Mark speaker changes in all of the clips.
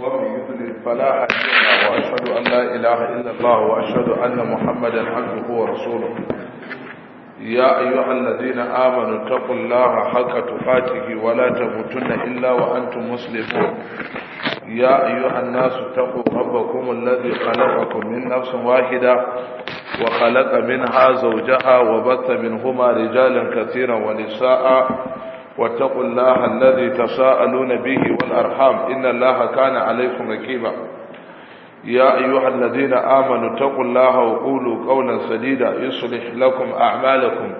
Speaker 1: ومن يضلل فلا هادي له واشهد ان لا اله الا الله واشهد ان محمدا عبده ورسوله يا ايها الذين امنوا اتقوا الله حق تقاته ولا تموتن الا وانتم مسلمون يا ايها الناس اتقوا ربكم الذي خلقكم من نفس واحده وخلق منها زوجها وبث منهما رجالا كثيرا ونساء واتقوا الله الذي تساءلون به والأرحام إن الله كان عليكم ركيبا يا أيها الذين آمنوا اتقوا الله وقولوا قولا سديدا يصلح لكم أعمالكم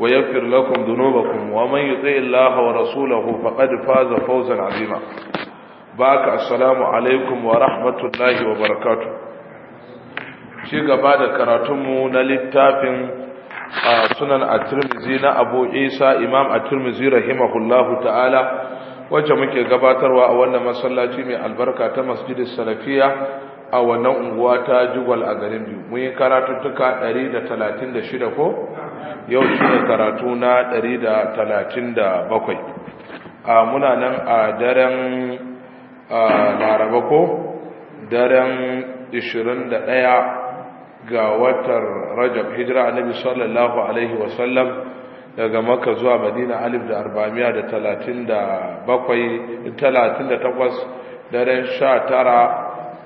Speaker 1: ويغفر لكم ذنوبكم ومن يطع الله ورسوله فقد فاز فوزا عظيما باك السلام عليكم ورحمة الله وبركاته شيء بعد كراتمه للتافن sunan at-tirmidhi na abu isa imam at-tirmidhi rahimahullahu ta'ala wacce muke gabatarwa a wannan masallaci mai albarka ta masjid salafiya a wannan unguwa ta jugal a garin biyu mun yi tuka 136 ko yau shi ne karatu na 137 a muna nan a daren laraba ko daren 21
Speaker 2: ga watar rajab hijira annabi sallallahu alaihi wasallam daga maka zuwa madina alif da arba'amiya da talatin da bakwai talatin da takwas
Speaker 1: daren sha tara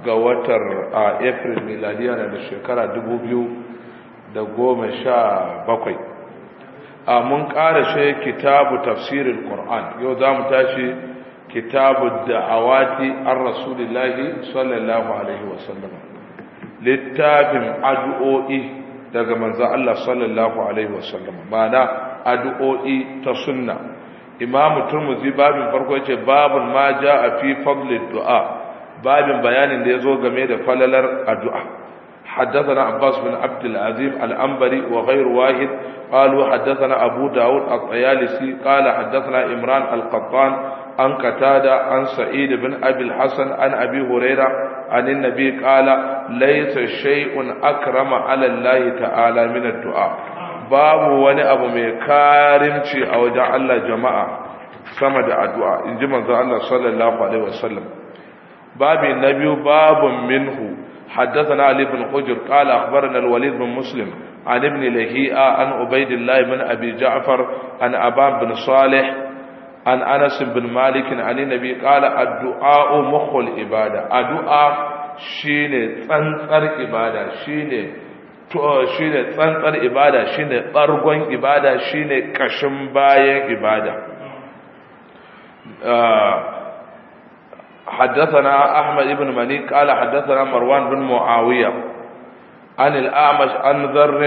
Speaker 1: ga watar a april miladiya da shekara dubu biyu da goma sha bakwai a mun ƙara ƙarashe kitabu tafsirin ƙor'an yau za mu tashi kitabu da awati an rasulillahi sallallahu alaihi wasallam littafin addu'o'i daga manzan Allah sallallahu alaihi wasallam ma'ana addu'o'i ta sunna imamu turmuzi babin farko ce babin ma a fi fadli du'a babin bayanin da ya zo game da falalar addu'a حدثنا عباس بن عبد العزيز الأنبري وغير واحد قالوا حدثنا أبو داود الطيالسي قال حدثنا إمران القطان عن قتادة عن سعيد بن أبي الحسن عن أبي هريرة عن النبي قال ليس شيء أكرم على الله تعالى من الدعاء باب وني أبو مكارم أو جعل الله جماعة سمد الدعاء إن جمعنا الله صلى الله عليه وسلم
Speaker 2: باب النبي باب منه
Speaker 1: حدثنا علي بن قجر قال أخبرنا الوليد بن مسلم عن ابن لهيئة عن عبيد الله بن أبي جعفر عن أبان بن صالح عن أنس بن مالك عن النبي قال الدعاء مخ العبادة الدعاء shine tsantsar ibada shine shine tsantsar ibada shine bargon ibada shine kashin bayan ibada ah, حدثنا أحمد بن مليك قال حدثنا مروان بن معاوية عن الأعمش عن ذر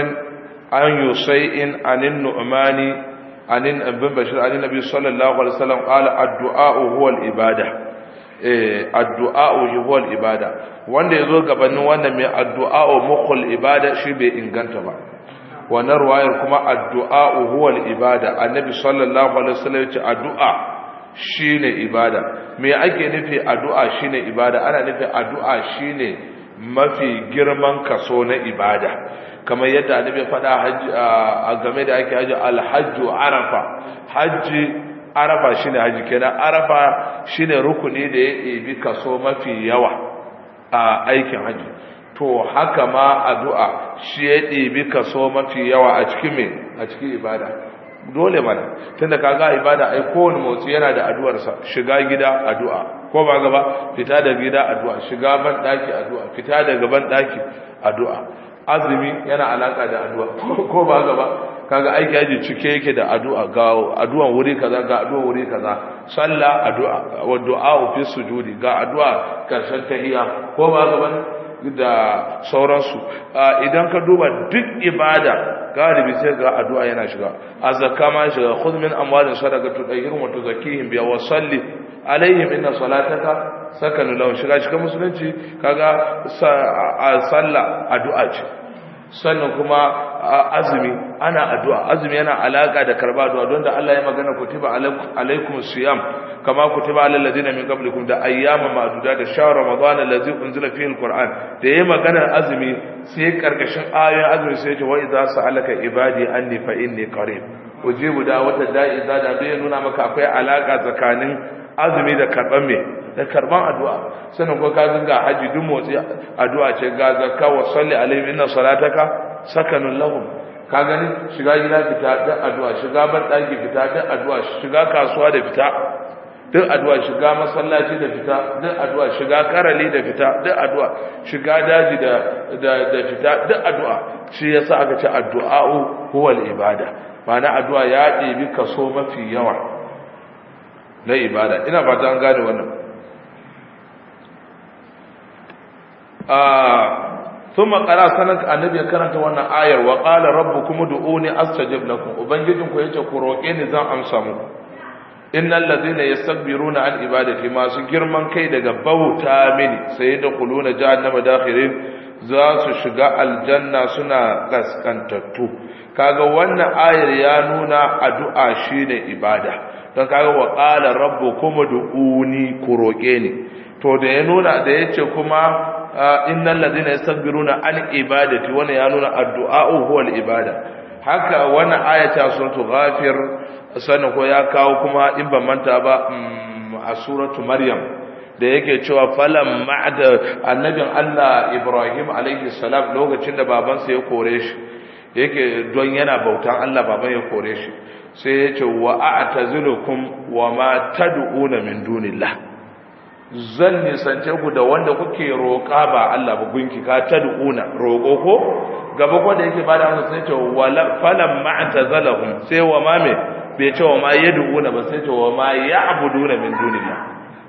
Speaker 1: عن يسيء عن النعمان عن ابن بشير عن النبي صلى الله عليه وسلم قال الدعاء هو العبادة Eh, addu'a huwal ibada wanda yazo gabanin wanda mai addu'a mukhul ibada shi bai inganta ba wannan ruwayar kuma addu'a huwal ibada annabi sallallahu alaihi wasallam ya ce addu'a shine ibada me ake nufi addu'a shine ibada ana nufi addu'a shine mafi girman kaso na ibada kamar yadda annabi faɗa a game da ake haji alhajju arafa haji arafa shine haji kenan arafa shine rukuni da ya ebi kaso mafi yawa a aikin haji to haka ma addu'a shi ya ebi kaso mafi yawa a cikin me a cikin ibada dole mana tunda kaga ibada ai kowane motsi yana da addu'arsa shiga gida addu'a ko ba gaba fita da gida addu'a shiga ban daki addu'a fita daga ban daki addu'a azumi yana alaka da addu'a ko ba gaba kaga aiki aji cike yake da addu'a ga addu'an wuri kaza ga addu'an wuri kaza sallah addu'a wa du'a fi sujudi ga addu'a karshen tahiyya ko ba ga da sauransu idan ka duba duk ibada galibi sai ga addu'a yana shiga azaka ma shiga khud min amwalin tu tayyirun wa tuzakihim bi wa salli alaihim inna salataka sakanu lahum shiga shiga musulunci kaga sallah addu'a ce sannan kuma azumi ana addu'a azumi yana alaka da karba addu'a don da Allah ya magana kutiba alaikum siyam kama kutiba alal ladina min qablikum da ayyama ma'duda da shahr ramadan allazi unzila fihi alquran da yayi magana azumi sai karkashin ayoyin azumi sai ce wa idza sa'alaka ibadi anni fa inni qarib ujibu da wata da'i da da bai nuna maka akwai alaka tsakanin azumi da karban me da karban addu'a sanan ko ka ga haji duk motsi addu'a ce ga zakka wa salli alaihi inna salataka sakanun lahum ka gani shiga gida fita da addu'a shiga ban daki fita da addu'a shiga kasuwa da fita duk addu'a shiga masallaci da fita duk addu'a shiga karali da fita duk addu'a shiga daji da da fita duk addu'a shi yasa aka ce addu'a huwa ibada ma'ana addu'a ya ɗebi kaso mafi yawa na ibada ina fata an gane wannan ah, sun makara sanar annabi ya karanta wannan ayar wa ƙala rabbu kuma du'uni astajib lakum ubangijin ku yace ku ni zan amsa muku innal ladina yastakbiruna an ibadati masu girman kai daga bauta mini sai da kuluna jahannama dakhirin za su shiga aljanna suna kaskantattu kaga wannan ayar ya nuna addu'a shine ibada don kaga wa ƙala rabbu kuma du'uni ku roƙe ni to da ya nuna da yace kuma innal ladina yastakbiruna an ibadati wani ya nuna addu'a huwa al ibada haka wannan ayata sun ghafir sanin ko ya kawo kuma in ban manta ba a suratu maryam da yake cewa falan ma'ada annabin Allah Ibrahim Alayhi salam lokacin da babansa ya kore shi yake don yana bautan Allah baban ya kore shi sai ya ce wa a'tazilukum wa ma tad'una min dunillah zan nisance ku da wanda kuke roƙa ba Allah ba gunki ka ta du'una. roƙo ko gaba ko da yake ba da sai ce wala falam ma'tazalahum sai wa ma me bai ce wa ma du'una ba sai ce wa ma ya'buduna min dunilla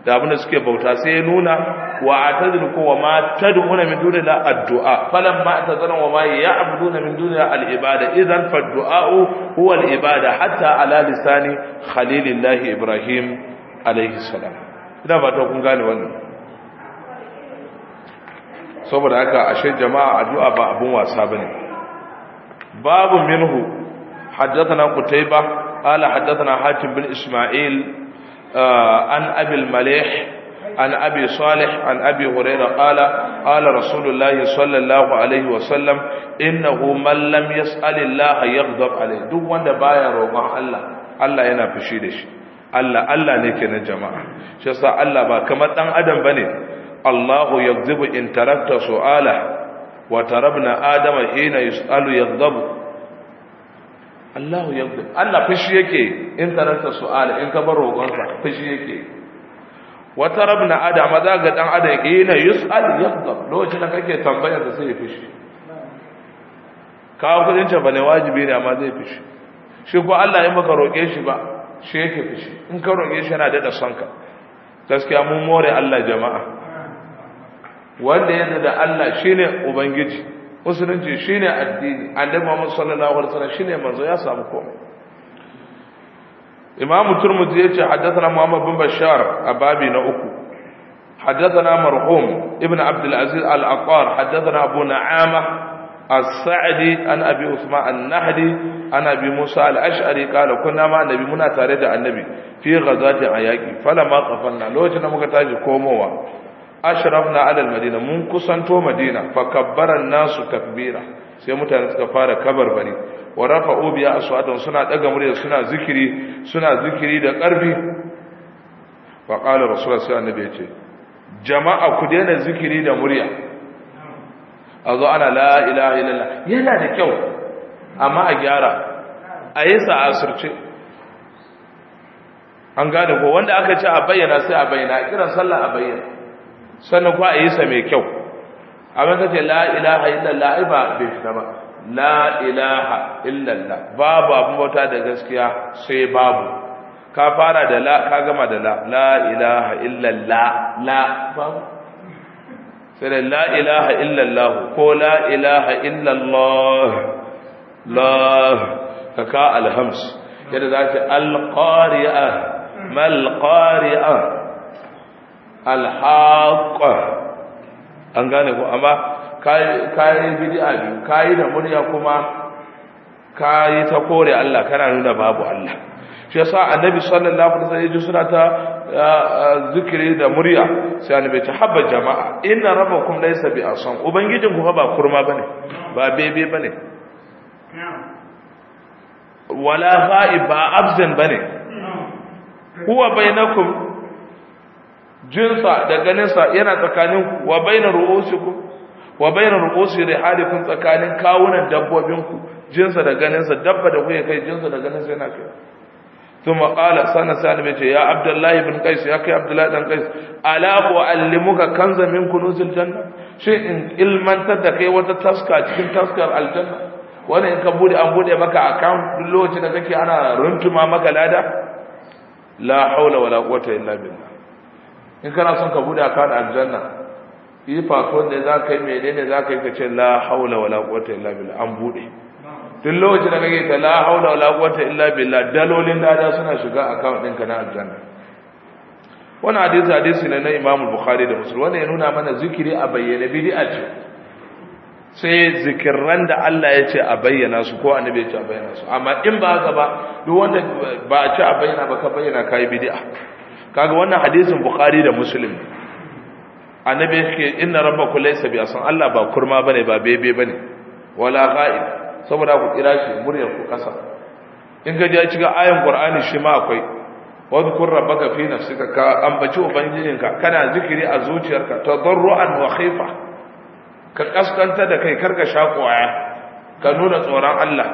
Speaker 1: da abin da suke bauta sai ya nuna wa atadil ko wa ma du'una min dunilla addu'a falam ma'tazalahum wa ma ya'buduna min dunilla al-ibada idan fa du'a'u huwa al-ibada hatta ala lisani khalilillahi ibrahim alayhi salam ina ba ta kun gane wannan saboda haka ashe jama'a addu'a ba abun wasa bane babu minhu haddathana qutayba qala haddathana hatim bin isma'il uh, an abi al-malih an abi salih an abi hurairah qala qala rasulullahi sallallahu alaihi wa sallam innahu man lam yas'alillaha yaghdab alayhi duk wanda baya roƙon Allah Allah yana fushi da shi Allah Allah ne na jama'a shi yasa Allah ba kamar dan adam bane Allahu yakzibu in tarakta su'ala wa tarabna adama hina yus'alu yakzabu Allahu yakzibu Allah fushi yake in tarakta su'ala in ka bar roƙon fushi yake wa tarabna adama za ga dan adam hina yus'alu yakzabu lokacin da kake tambayar da sai fushi kawo kudin ta wajibi ne amma zai fushi shi ko Allah ya maka roƙe shi ba shi yake fushi in ka roƙe shi yana daɗa son ka gaskiya mun more Allah jama'a wanda yana da Allah shine ubangiji musulunci shine addini annabi Muhammad sallallahu alaihi wasallam shine manzo ya samu komai إمام ترمذي يتي حدثنا محمد بن بشار أبابي نأكو حدثنا مرحوم ابن عبد العزيز العقار حدثنا أبو نعامة A Sa'adi an abi usman an-nahdi an abi musa al-ash'ari qala kunna ma annabi muna tare da annabi fi ghazati ayaki falamma qafalna lokacin da muka tashi komowa ashrafna ala al-madina mun kusanto madina fa kabbara an-nasu takbira sai mutane suka fara kabarbari wa rafa'u bi aswatun suna daga murya suna zikiri da karfi fa qala rasulullahi sallallahu alaihi ce jama'a ku daina zikiri da murya a zo ana la ilaha illallah yana da kyau amma a gyara a yi sa asirce an gane ko wanda aka ce a bayyana sai a bayyana a kiran sallah a bayyana sannan kuwa a yi sa mai kyau abin kace la ilaha illallah ai ba bai fita ba la ilaha illallah babu abin bauta da gaskiya sai babu ka fara da la ka gama da la la ilaha illallah la babu sai la ilaha illallah ko la ilaha illallah la ka ka alhams yadda za ta alqari'a mal qari'a alhaqa an gane ku amma kayi bid'a biyu kayi da murya kuma kayi ta kore Allah kana nuna babu Allah shi yasa annabi sallallahu alaihi wasallam suna ta zikiri da murya sai annabi ta habba jama'a inna rabbakum laysa bi asan ubangijin ku ba kurma bane ba bebe bane wala ghaib ba abzan bane huwa bainakum jinsa da ganinsa yana tsakanin wa bainar ru'usikum wa bainar ru'usi rihalikum tsakanin kawunan dabbobinku jinsa da ganinsa dabba da kuke kai jinsa da ganinsa yana kai ثم قال سنة سالم يا عبد الله بن قيس يا كي عبد الله بن قيس ألا أعلمك كنزا من كنوز الجنة شيء علما تدكي وتتسكى تكن تسكى الجنة وانا إن كبودي أنبودي مكا أكاون لو تنكي أنا رنتما مكا لادا لا حول ولا قوة إلا بالله in kana son ka bude akan aljanna yi fafon da za ka yi menene za ka yi ka ce la haula wala quwwata illa billah an bude duk lokacin da kake ta la haula wala quwwata illa billah dalolin da suna shiga account ɗinka na aljanna wannan hadisi hadisi ne na Imam Bukhari da Muslim wannan ya nuna mana zikiri a bayyana bid'a ce sai zikirran da Allah ya ce a bayyana su ko annabi ya ce a bayyana su amma in ba haka ba duk wanda ba a ce a bayyana ba ka bayyana kai bid'a kaga wannan hadisin Bukhari da Muslim annabi yake inna rabbakum laysa bi asan Allah ba kurma bane ba bebe bane wala ghaib saboda ku kira shi muryar ku kasa in ka ji ya cika ayan qur'ani shi ma akwai wadhkur rabbaka fi nafsika ka ambaci ubangijinka kana zikiri a zuciyarka tadarruan wa khifa ka kaskanta da kai karka shakoya ka nuna tsoron Allah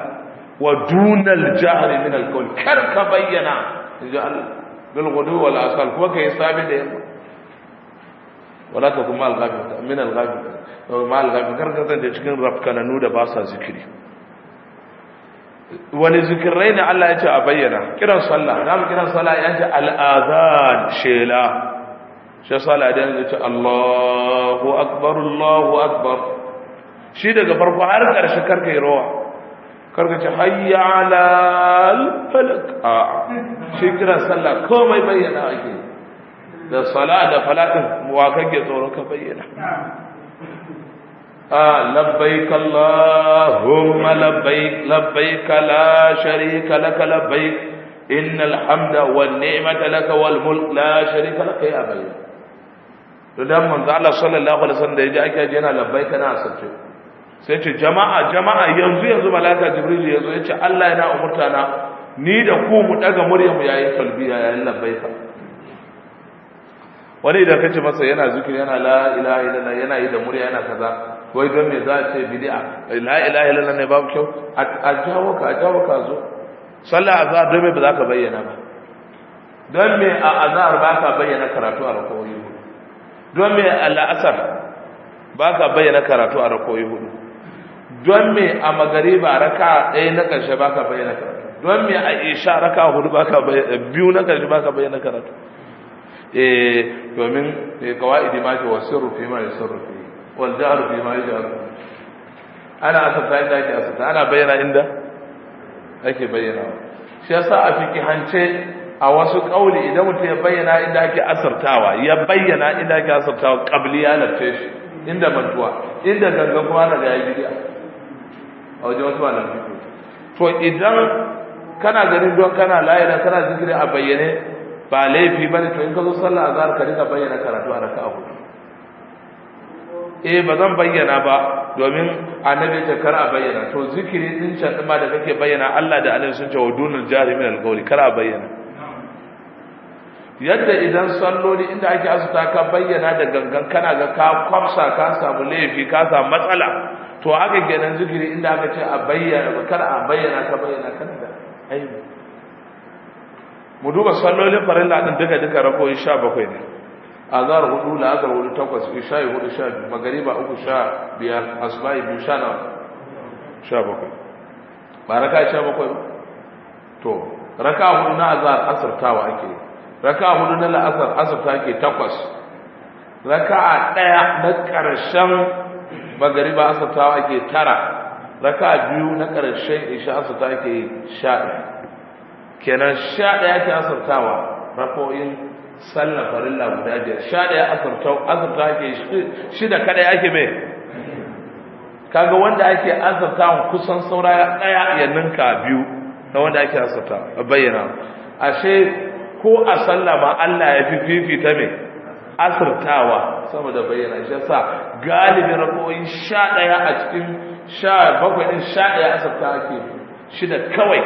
Speaker 1: wa dunal jahri min alqawl kar ka bayyana jahal bil ghudu wal asal kuma kai sabi da yamma wala ta kuma al min al ma al-ghabi kar ka cikin rafkananu da ba sa zikiri wani zikirai ne Allah ya ce a bayyana kiran sallah na mu kiran sallah ya ce al'azan shela shi sallah idan ya ce Allahu akbar Allahu akbar shi daga farko har ƙarshe karka yi rawa karka ce hayya ala falak a shi kiran sallah komai bayyana ake da sala da falatin wa kake tsoro ka bayyana لبيك اللهم لبيك لبيك لا شريك لك لبيك إن الحمد والنعمة لك والملك لا شريك لك يا أبي to dan manzo Allah sallallahu alaihi wasallam da ake yaji yana labbaika na asabce sai ce jama'a jama'a yanzu yanzu malaka jibril yazo ya ce Allah yana umurta na ni da ku mu daga muryar mu yayin talbiya yayin labbaika wani idan kace masa yana zikiri yana la yana yi da murya yana kaza wai don me za a ce bid'a la ilaha illallah ne babu kyau a jawo ka a jawo ka zo sallah azhar don me ba za ka bayyana ba don me a azhar ba ka bayyana karatu a rakoyi hudu don me a la'asar ba ka bayyana karatu a rakoyi hudu don me a magariba raka ɗaya na ƙarshe ba ka bayyana karatu don me a isha raka hudu ba ka bayyana biyu na ƙarshe ba ka bayyana karatu eh domin kawai eh, idima ce wasu rufe ma ya sun rufe wal ja'ru fi ma yaj'al ana asabta inda ake asabta ana bayyana inda ake bayyana shi yasa a fikihance a wasu kauli idan mutum ya bayyana inda ake asartawa, ya bayyana inda ake asartawa, qabli ya lafce shi inda mantuwa inda gangan kuma na ga ya bidiya a wajen wasu malamai to idan kana ganin don kana layina kana zikiri a bayyane ba laifi ba ne, to in ka zo sallah a azhar ka rika bayyana karatu a raka'a hudu eh ba zan bayyana ba domin annabi ta kar a bayyana to zikiri din can din ma da kake bayyana Allah da annabi sun ce wa dunul jahil min alqawli kar a bayyana yadda idan salloli inda ake asuta ka bayyana da gangan kana ga ka kwafsa ka samu laifi ka samu matsala to haka kenan zikiri inda aka ce a bayyana kar a bayyana ka bayyana kana da aibu mu duba sallolin farilla din duka duka rako 17 ne azhar hudu la azhar hudu takwas isha hudu sha biyu magariba uku sha biyar asba'i biyu sha na sha bakwai ba raka sha bakwai to raka hudu na azhar asartawa ake raka hudu na la'asar asarta ake takwas raka a daya na karshen magariba asartawa ake tara raka biyu na karshen isha asarta ake sha kenan sha daya ake asartawa rako'in sallar farilla guda biyar sha ɗaya azurta azurta ake shida kaɗai ake mai kaga wanda ake azurta kusan saura ɗaya ya ninka biyu na wanda ake azurta bayyana ashe ko a sallah ma Allah ya fi fifita mai asirtawa saboda bayyana shi yasa galibin rakoyin sha ɗaya a cikin sha bakwai ɗin sha ɗaya asirta ake shida kawai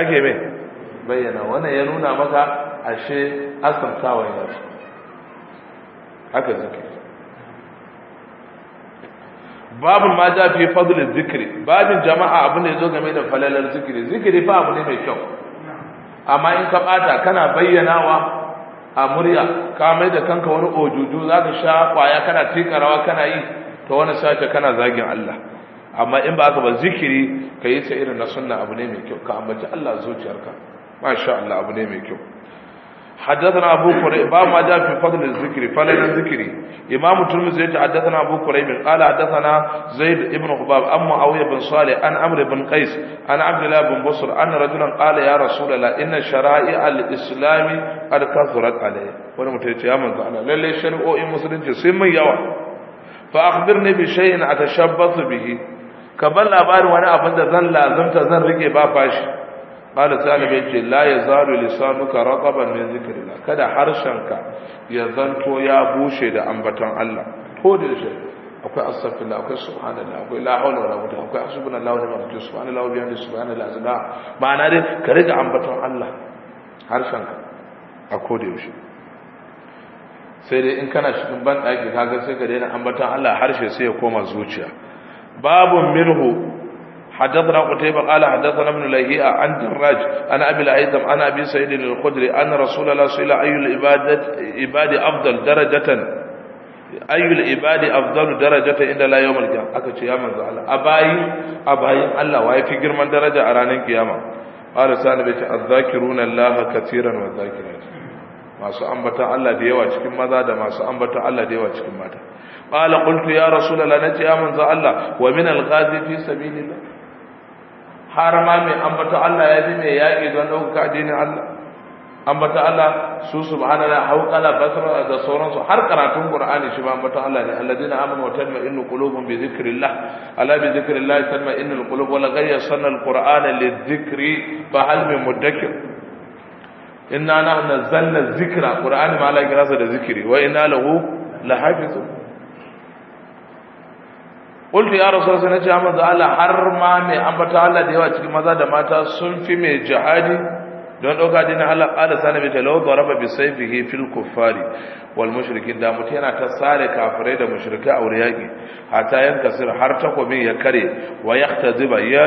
Speaker 1: ake mai bayyana wannan ya nuna maka ashe asamtawa ya ce haka zikiri babu ma ja fi fadlin zikiri babin jama'a abu ne zo game da falalar zikiri zikiri fa abu ne mai kyau amma in ka bata kana bayyanawa a murya ka mai da kanka wani ojuju za ka sha kwaya kana tika rawa kana yi ta wani sace kana zagin Allah amma in ba ka ba zikiri ka yi ta irin na sunna abu ne mai kyau ka ambaci Allah zuciyarka masha Allah abu ne mai kyau حدثنا أبو قريب باب ما جاء في فضل الذكر فلن الذكر إمام الترمذي حدثنا أبو قريب قال حدثنا زيد بن خباب أم معاوية بن صالح عن عمرو بن قيس عن عبد الله بن بصر أن رجلا قال يا رسول الله إن شرائع الإسلام قد كثرت عليه wani mutum ya ce ya manzo Allah lalle shari'o'in musulunci sun min yawa fa akhbirni bi shay'in atashabbathu bihi ka ban labarin wani abin da zan lazumta zan rike ba fashi qala salimin ce la yazalu lisanuka rataban min zikrillah kada harshenka ya zanto ya bushe da ambaton Allah ko da shi akwai astaghfirullah akwai subhanallah akwai la hawla wala quwwata akwai hasbunallahu wa ni'mal wakeel subhanallah wa bihamdihi subhanallah azim ma'ana dai ka riga ambaton Allah harshenka a ko da yaushe sai dai in kana cikin ban ɗaki kaga sai ka daina ambaton Allah harshe sai ya koma zuciya babun minhu حدثنا قتيبة قال حدثنا ابن لهيئة عن دراج عن أبي الأيثم عن أبي سعيد الخدري أن رسول الله صلى الله عليه وسلم أي العبادة عباد أفضل درجة أي العباد أفضل درجة عند لا يوم القيامة أكتش يا من زعل أباي أباي الله وهي في جرمان درجة أران القيامة قال سأل بيت الذاكرون الله كثيرا والذاكرات ما سأنبتا الله ديوا cikin maza da masu ambata Allah da yawa cikin mata qala qultu ya rasulullah nace ya manzo Allah wa min al-ghazi fi sabilillah har ma mai ambato Allah ya ji mai yaƙi don ɗaukaka addinin Allah ambato Allah su subhanallah hauqala basra da sauransu har karatun qur'ani shi ba ambato Allah ne alladina amanu wa tatma'innu qulubuhum bi dhikrillah ala bi dhikrillah tatma'innul qulub wa laqad yassarna alqur'ana lidhikri fa hal min mudakkir inna nahnu nazzalna dhikra qur'ani ma la da zikri wa inna lahu lahafizun qultu ya rasul sai nace amma Allah har ma mai ambata Allah da yawa cikin maza da mata sun fi mai jihadi don dauka dinin Allah ala sanabi ta law daraba bi sayfihi fil kuffari wal mushrikin da mutum yana ta sare kafirai da mushrikai a wuri yaki Hata yanka sir har takobin ya kare wa yahtaziba ya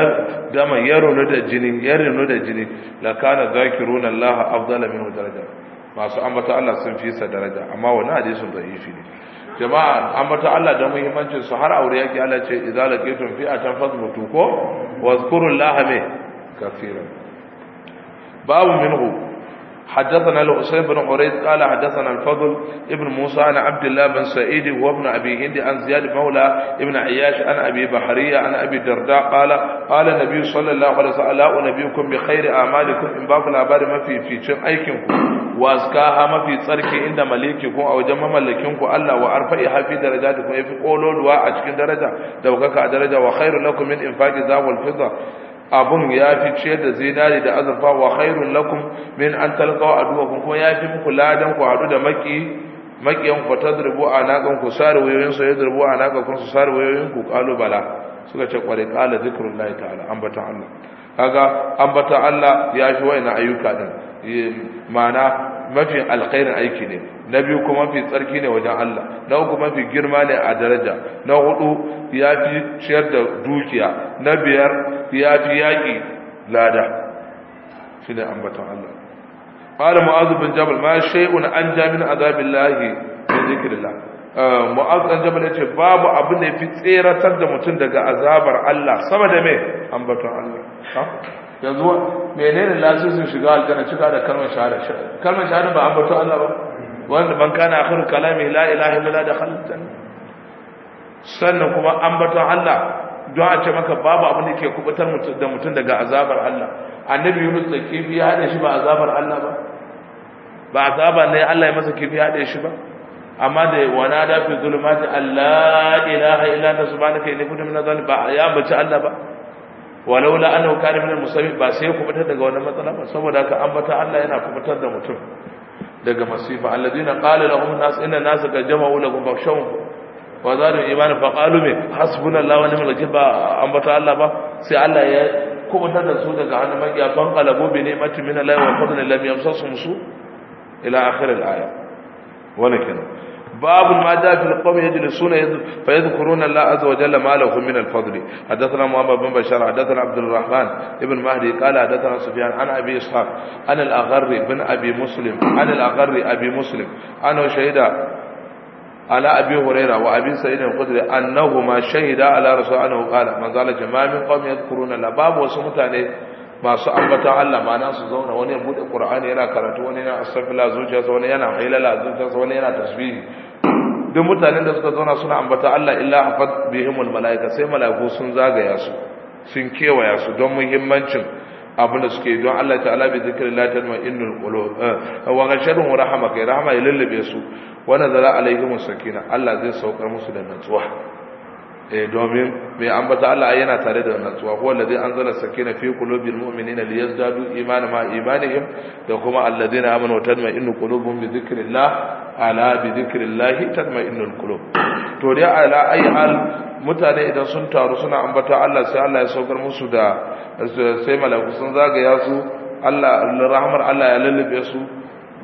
Speaker 1: dama ya da jini ya runu da jini la kana zakiruna Allah afdala minhu daraja masu ambata Allah sun fi sa daraja amma wannan hadisin da'ifi ne jama'a ambata Allah da muhimmancin su har aure yake Allah ce idza laqitum fi'atan fadmutu ko wazkurullaha me kaseeran babu minhu حدثنا الحسين بن عريض قال حدثنا الفضل ابن موسى عن عبد الله بن سعيد وابن ابي هند عن زياد مولى ابن عياش عن ابي بحريه عن ابي الدرداء قال قال النبي صلى الله عليه وسلم لا انبئكم بخير اعمالكم ان باكم لابار ما في في cin aikinku waskaha mafi tsarki inda maliki ko a wajen ku Allah wa arfa'i hafi ya yafi kololuwa a cikin daraja daukaka a daraja wa khairu lakum min infaqi zawal fidda abun yafi ce da zinari da azurfa wa khairu lakum min an talqaw aduwakum kuma yafi muku ladan ku hadu da maki makiyan ku tadrubu anaqan ku sare wayoyin su yadrubu anaqan ku sare wayoyin ku kalu bala suka ce kware kala zikrullahi ta'ala ambata Allah kaga ambata Allah yafi wayna ayyuka din ma'ana mafi alkhairin aiki ne na biyu kuma mafi tsarki ne wajen Allah na uku mafi girma ne a daraja na hudu ya fi ciyar da dukiya na biyar ya fi yaƙi lada shi ne ambaton Allah ƙwada mu'azu bin jabal ma shay'un an jami'in azabin lahi min zikirillah uh, mu'azu bin jabal ya ce babu abu ne fi tseratar da mutum daga azabar Allah sama da me ambaton Allah yanzu menene lasisin shiga aljanna cika da kalmar shahada kalmar shahada ba ambato Allah ba wanda man kana akhiru kalami la ilaha illa da khaltan sannan kuma ambato Allah don a ce maka babu abin da ke kubutar da mutum daga azabar Allah annabi Yunus da kifi ya hada shi ba azabar Allah ba ba azaba ne Allah ya masa kifi ya hada shi ba amma da wana da fi zulumati Allah ilaha illallah anta subhanaka inni kuntu minadh-dhalimin ba ya bace Allah ba walau la annahu kana min al-musabbib ba sai ku fitar daga wannan matsala ba saboda ka ambata Allah yana fitar da mutum daga masifa alladheena qala lahum nas inna nas ka jama'u lakum fakhshawm wa zaru iman fa qalu min hasbunallahu wa ni'mal wakeel ba ambata Allah ba sai Allah ya fitar da su daga hannun magiya ban qalabu bi ni'mati min Allah wa fadlan lam yamsasum su ila akhir al-aya wannan kenan
Speaker 2: باب ما جاء في القوم يجلسون فيذكرون الله عز وجل ما لهم من الفضل
Speaker 1: حدثنا محمد بن بشار حدثنا عبد الرحمن ابن مهدي قال حدثنا سفيان عن ابي اسحاق عن الاغر بن ابي مسلم عن الاغر ابي مسلم انه شهد على ابي هريره وابي سعيد الخدري انهما شهدا على رسول انه قال من زال جماعه من قوم يذكرون الله باب وسمتانه masu ambatan Allah ma su zauna wani ya bude Qur'ani yana karatu wani yana astaghfirullah zuciyarsa wani yana hailala zuciyarsa wani yana tasbihi duk mutanen da suka zauna suna ambata Allah illa hafat bihimul malaika sai malaku sun zagaya su sun kewaya su don muhimmancin abin da suke don Allah ta'ala bi zikri la tanma innul qulu eh, wa rahama rahmaka rahma ya lullube su wa nazala alaihim sakina Allah zai saukar musu da natsuwa Eh, domin mai ambata Allah yana tare da natsuwa huwa allazi anzala sakina fi qulubil mu'minina liyazdadu imanan ma imanihim da kuma allazina amanu wa tatma'innu qulubuhum bi dhikrillah ala bi dhikrillah tatma'innul qulub to dai ala ai hal mutane idan sun taru suna ambata Allah sai Allah ya saukar musu da sai malaku sun zagaya su Allah rahmar Allah ya lullube su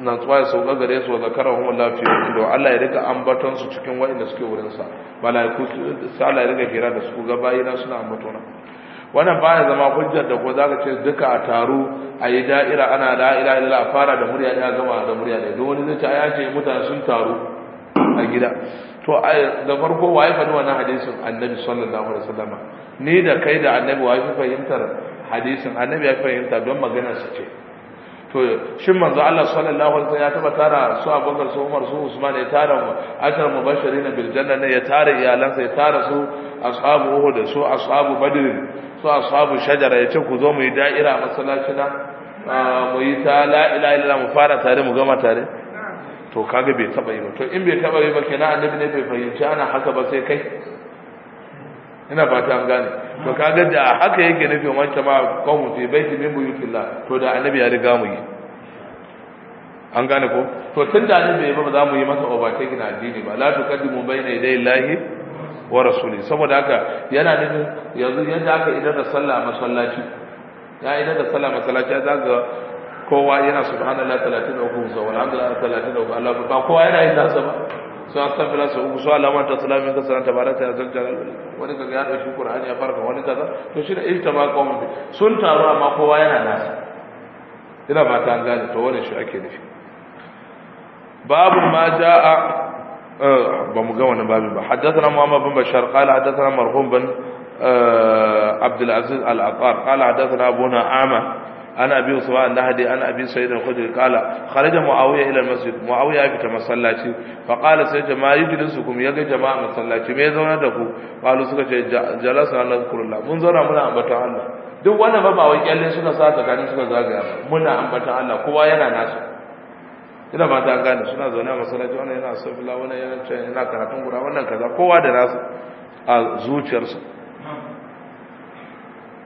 Speaker 1: natsuwa ya sauka gare su wa zakarar kuma lafiya da Allah ya rika ambaton su cikin waɗanda suke wurin sa malaiku sai Allah ya rika hira da su ga bayina suna ambatona wannan baya zama hujjar da ko zaka ce duka a taru a yi da'ira ana da'ira ila a fara da murya ɗaya zama da murya ɗaya don wani zai ce ya ce mutane sun taru a gida to da farko waye faɗi wannan hadisin annabi sallallahu alaihi wasallam ni da kai da annabi waye fahimtar hadisin annabi ya fahimta don maganar ce to shin manzo Allah sallallahu alaihi wasallam ya taba tara su Abubakar su Umar su Usman ya tara mu ashar mubashirin bil janna ne ya tara iyalansa ya tara su ashabu Uhud su ashabu Badr su ashabu shajara ya ce ku zo mu yi da'ira masallaci na mu yi ta la ilaha illallah mu fara tare mu gama tare to kaga bai taba yi ba to in bai taba yi ba kenan annabi ne bai fahimci ana haka ba sai kai ina fata an gane to kaga da haka yake nufi wa manta ma qawmu fi baiti min buyutillah to da annabi ya riga mu yi an gane ko to tun da annabi ba za mu yi masa overtake gina addini ba la tuqaddimu bayna yaday lahi wa rasuli saboda haka yana nufin yanzu yadda aka idan da sallah masallaci ya idan da sallah masallaci za ga kowa yana subhanallah 33 wa alhamdulillah 33 Allah ba kowa yana yin nasa ba su astaghfirullah su uku su alama ta salamin ka sanan tabaraka ya zalta wani kaga ya dauki qur'ani ya farka wani kaza to shi da iltama qawm sun taru amma kowa yana nasa ina ba ta gane to wani shi ake nufi babu ma jaa eh, ba mu ga wani babu ba haddathana muhammad bin bashar qala haddathana marhum bin عبد العزيز العطار قال حدثنا ابونا اعمى ana bi usman nahdi ana abi sa'id al-khudri qala kharaja muawiya ila al-masjid muawiya ya fita masallaci fa qala sai jama'a yujlisukum yaga jama'a masallaci me zauna da ku qalu suka ce jalasa nazkurullah mun zauna muna ambaton Allah duk wannan ba ba suka sa tsakanin suka zagaya muna ambaton Allah kowa yana nasu ina ba ta gane suna zaune a masallaci wannan yana astaghfirullah wannan yana yana karatun Qur'an wannan kaza kowa da nasu a zuciyarsa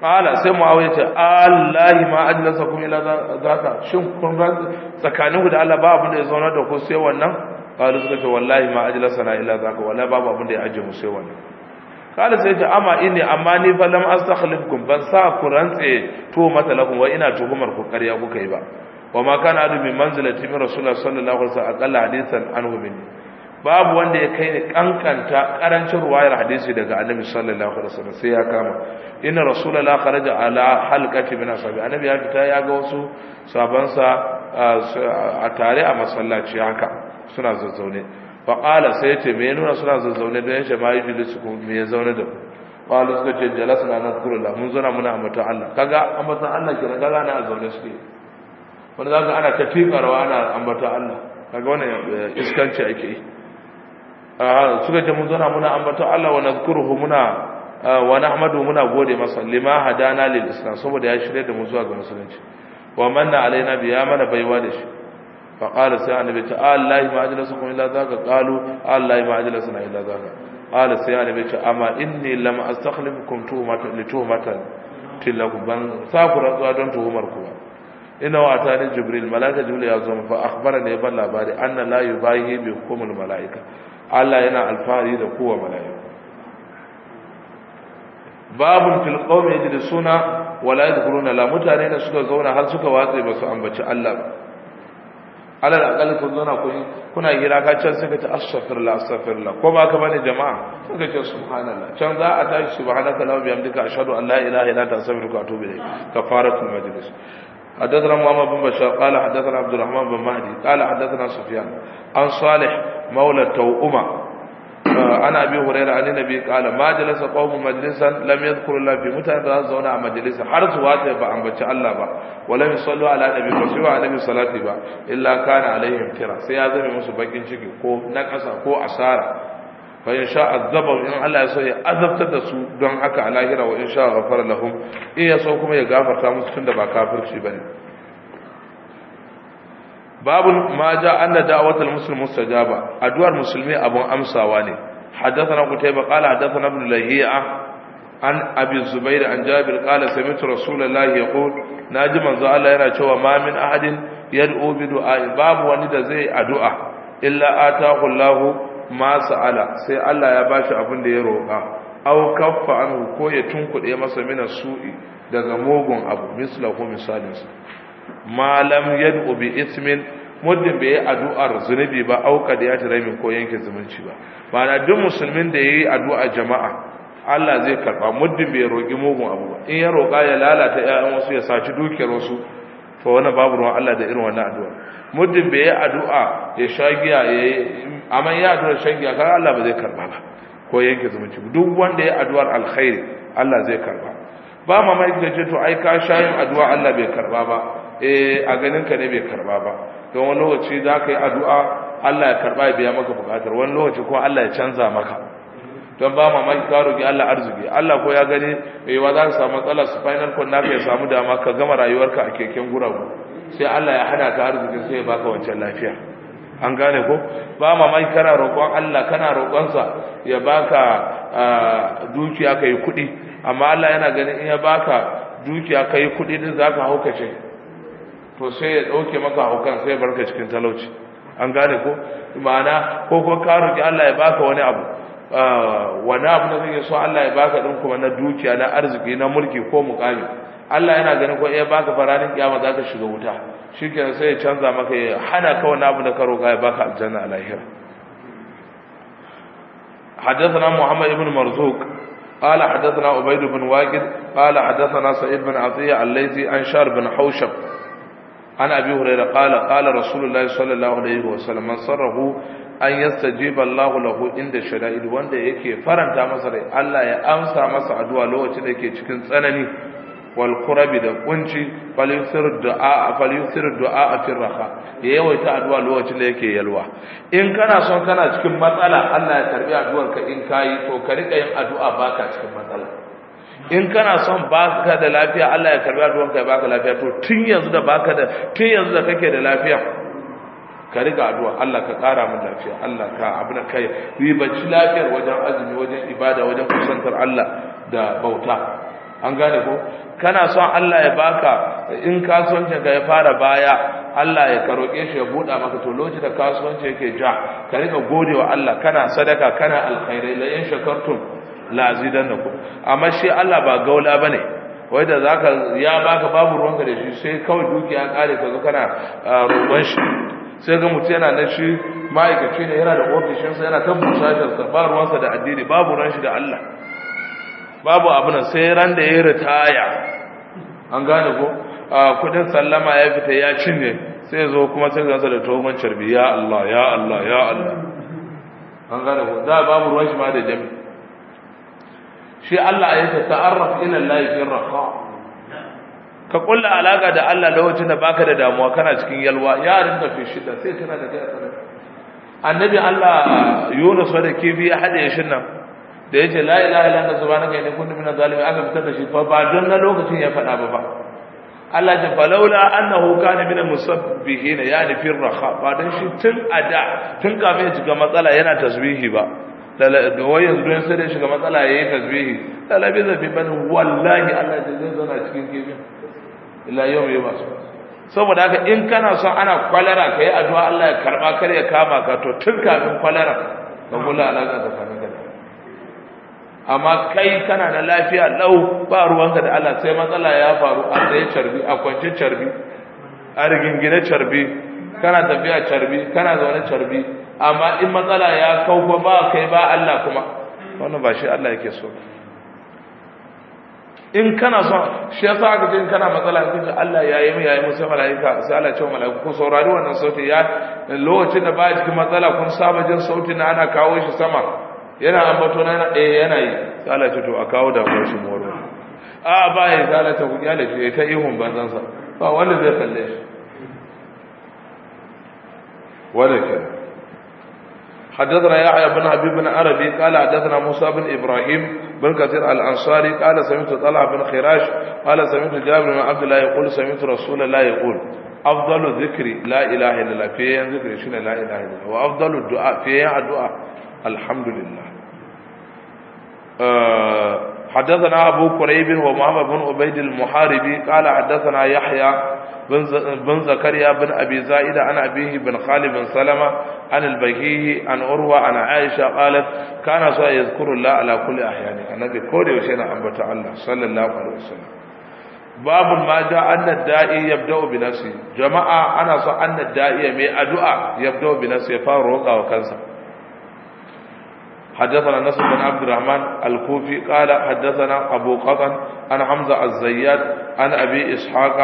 Speaker 1: qala sai muawiya ce allahi ma kuma ila zaka shi kun tsakanin tsakaninku da Allah ba abinda ya zauna da ku sai wannan qalu suka ce wallahi ma na ila zaka wallahi babu abin ya ajiye mu sai wannan qala sai ce amma ini amma ni fa lam halifkun ban sa ku rantse to matalakum wa ina tuhumar ku karya kuka yi ba wa ma kana adu min manzilati min rasulullah sallallahu alaihi wasallam aqalla hadisan anhu minni babu wanda ya kai ni kankanta karancin ruwayar hadisi daga annabi sallallahu alaihi wasallam sai ya kama inna rasulullah kharaja ala halqati min ashabi annabi ya fita ya ga wasu sabansa a tare a masallaci haka suna zazzaune fa qala sai ce me nuna suna zazzaune dan shi ma yijlisu ku me ya zaune da ku qalu suka ce jalasna nazkurullah mun zauna muna ambata Allah kaga ambata Allah kenan kaga na zaune suke wanda zaka ana tafi karwa ana ambata Allah kaga wannan eh, iskanci ake yi Ah, suka ce mun zauna muna ambato Allah wa nazkuruhu muna ah, wa nahmadu muna gode masa lima hadana lil islam saboda ya shirye da mu zuwa ga musulunci wa manna alaina bi ya mana baiwa da shi fa qala sai annabi ta Allah ma ajlasukum illa zaka qalu Allah ma ajlasuna illa zaka qala sai annabi ta amma inni lam astakhlifukum tuhmatan li tuhmatan tilakum ban sa ku rantsuwa don tuhumar ku ba
Speaker 2: ina wa atani jibril malaika jibril ya zo fa akhbarani ban labari anna la yubahi bi hukumul
Speaker 1: malaika Allah yana alfahari da kowa mala'iku Babu fil qawmi yajlisuna wala yadhkuruna la mutane da suka zauna har suka watsa ba su ambaci Allah ba alal aqal zauna kuna hira ka can suka ta astaghfirullah astaghfirullah ko ba ka bane jama'a suka ce subhanallah can za a tashi subhanaka la bihamdika ashhadu an la ilaha illa anta astaghfiruka wa atubu ilayk kafaratul majlis حدثنا محمد بن بشار قال حدثنا عبد الرحمن بن مهدي قال حدثنا سفيان عن صالح مولى توأمة عن ابي هريره عن النبي قال ما جلس قوم مجلسا لم يذكر الله في متى زونا a majalisa har su wata ba ambaci Allah ba wala yusallu ala nabi ba shi ba annabi salati ba illa kana alaihim tira sai ya zame musu bakin ciki ko ko asara
Speaker 2: fa in sha azaba Allah ya so ya azabtar da su don haka Alahira lahira wa in lahum
Speaker 1: in kuma ya gafarta musu tunda ba kafirci ne. babu ma ja anna da'watul muslim addu'ar musulmi abun amsawa ne حدثنا قتيبة قال حدثنا ابن لهيعة عن أبي الزبير عن جابر قال سمعت رسول الله يقول ناجم أنزع الله ينا شوى ما من أحد يدعو بدعاء باب وندى زي أدعاء إلا آتاه الله ma sa'ala sai Allah ya bashi abin da ya roƙa aw kaffa anhu ko ya tunkuɗe masa mina su'i daga mugun abu misla ko misalin sa malam yad'u bi ismin muddin bai yi addu'ar zunubi ba aw kad ya tiramin ko yanke zumunci ba ma'ana duk musulmin da yayi addu'a jama'a Allah zai karba muddin bai roƙi mugun abu ba in ya roƙa ya lalata ƴaƴan wasu ya saci dukiyar wasu to wannan babu ruwan Allah da irin wannan addu'a muddin bai yi addu'a ya shagiya ya yi amma ya addu'a shagiya kaga Allah ba zai karba ba ko yanke zumunci duk wanda ya addu'ar alkhairi Allah zai karba
Speaker 2: ba mamaki mai ce to ai ka sha yin addu'a Allah bai karba ba eh a ganin ka ne bai karba ba don wani lokaci za ka yi addu'a Allah ya karba ya biya maka bukatar wani lokaci ko
Speaker 1: Allah ya canza maka don ba mamaki ka roki Allah arziki Allah ko ya gani eh wa za ka samu matsala su final kun naka ya samu dama ka gama rayuwarka a keken guragu sai Allah ya hada ka arzikin sai ya baka wancan lafiya an gane ko ba mamaki kana roƙon Allah kana roƙonsa ya baka dukiya kai kuɗi amma Allah yana ganin in ya baka dukiya kai kuɗi din zaka ce to sai ya dauke maka haukan sai ya barka cikin talauci an gane ko ma'ana ko ko ka roƙi Allah ya baka wani abu wani abu da zai so Allah ya baka din kuma na dukiya na arziki na mulki ko mukami Allah yana ganin ko eh baka faranin kiyama za ka shiga wuta shikenan sai ya canza maka ya hana ka wani da ka roƙa ya baka aljanna lahira حدثنا محمد بن مرزوق قال حدثنا عبيد بن واجد قال حدثنا سعيد بن عطيه الليثي عن شار بن حوشب عن ابي هريره قال قال رسول الله صلى الله عليه وسلم من صره ان يستجيب الله له عند الشدائد yake faranta masa dai Allah ya amsa masa addu'a lokacin da yake cikin tsanani والقرب ده da فليسر fal فليسر الدعاء fal الرخاء يوي fi raha ya yawaita addu'a lokacin da yake yalwa in kana son kana cikin matsala Allah ya tarbi addu'ar ka in kai to ka rika yin addu'a baka cikin matsala in kana son baka da lafiya Allah ya tarbi addu'ar ka baka lafiya to tun yanzu da baka da tun yanzu da kake da lafiya ka rika addu'a Allah ka ƙara min lafiya Allah ka abuna kai bacci lafiyar wajen azumi wajen ibada wajen kusantar Allah da bauta an gane ko kana son Allah ya baka in kasuwanci ka ya fara baya Allah ya karoke shi ya buɗa maka to loji da kasuwanci yake ja ka rika gode wa Allah kana sadaka kana alkhairai la in shakartum la azidannakum amma shi Allah ba gaula bane wai da zaka ya baka babu ruwanka da shi sai kawai dukiya kare ka zo kana roƙon shi sai ga mutum yana nan shi ma'aikaci ne yana da ofishinsa yana ta busashensa ba ruwansa da addini babu ruwan shi da Allah babu abu na sai ran da ya ritaya an gane ko kudin sallama ya fita ya cinye sai zo kuma sai gansa da tohon carbi ya Allah ya Allah ya Allah an gane ko da babu ruwan shi ma da jami shi Allah ya ta ta'arraf ila Allah fi raqa ka kulla alaka da Allah lokacin da baka da damuwa kana cikin yalwa ya rinka fi shida sai tana da kai a annabi Allah Yunus wa da kibi ya haɗe shin nan da yace la ilaha illa anta subhanaka inni kuntu minaz zalimin aka fitar da shi fa ba don na lokacin ya faɗa ba ba Allah ya falaula annahu kana min musabbihin yani fi raha ba dan shi tun ada tun kafin ya shiga matsala yana tasbihi ba da wai yanzu don sai da shiga matsala yayi tasbihi talabi fi ban wallahi Allah ya zai zauna cikin kifin ila yau ya ba saboda haka in kana son ana kwalara kai addu'a Allah ya karba kar ya kama ka to tun kafin kwalara ka gula alaka ka amma kai kana da lafiya lau ba ruwanka da Allah sai matsala ya faru a da carbi a kwance carbi a rigingine carbi kana tafiya carbi kana zaune carbi amma in matsala ya kau ko ba kai ba Allah kuma wannan ba shi Allah yake so in kana son shi yasa aka ce in kana matsala in ga Allah ya yi mu ya yi mu sai malaika sai Allah ya ce malaika ku saurari wannan sauti ya lokacin da ba cikin matsala kun saba jin sautin ana kawo shi sama yana ambato na eh yana yi kala ce to a kawo damuwar shi moro a ba ya kala ta ku kyale shi ta ihun banzan sa ba wanda zai kalle shi wanda ke حدثنا يحيى بن حبيب بن عربي قال حدثنا موسى بن ابراهيم بن كثير الانصاري قال سمعت طلحه بن خراش قال سمعت جابر بن عبد الله يقول سمعت رسول الله يقول افضل الذكر لا اله الا الله في ذكر شنو لا اله الا الله وافضل الدعاء في الدعاء alhamdulillah حدثنا أبو كريب ومحمد بن عبيد المحاربي قال حدثنا يحيى بن زكريا بن أبي زائدة عن أبيه بن خالد بن سلمة عن البهيه عن أروى عن عائشة قالت كان سواء يذكر الله على كل أحيانه النبي كوري وشينا أنبت الله صلى الله عليه وسلم باب ما جاء أن الداعي يبدأ بنفسه جماعة أنا سأ أن الداعي مي أدعى يبدأ بنفسه فاروق وكنسه حدثنا نصر بن عبد الرحمن الكوفي قال حدثنا أبو قطن عن حمزة الزياد عن أبي إسحاق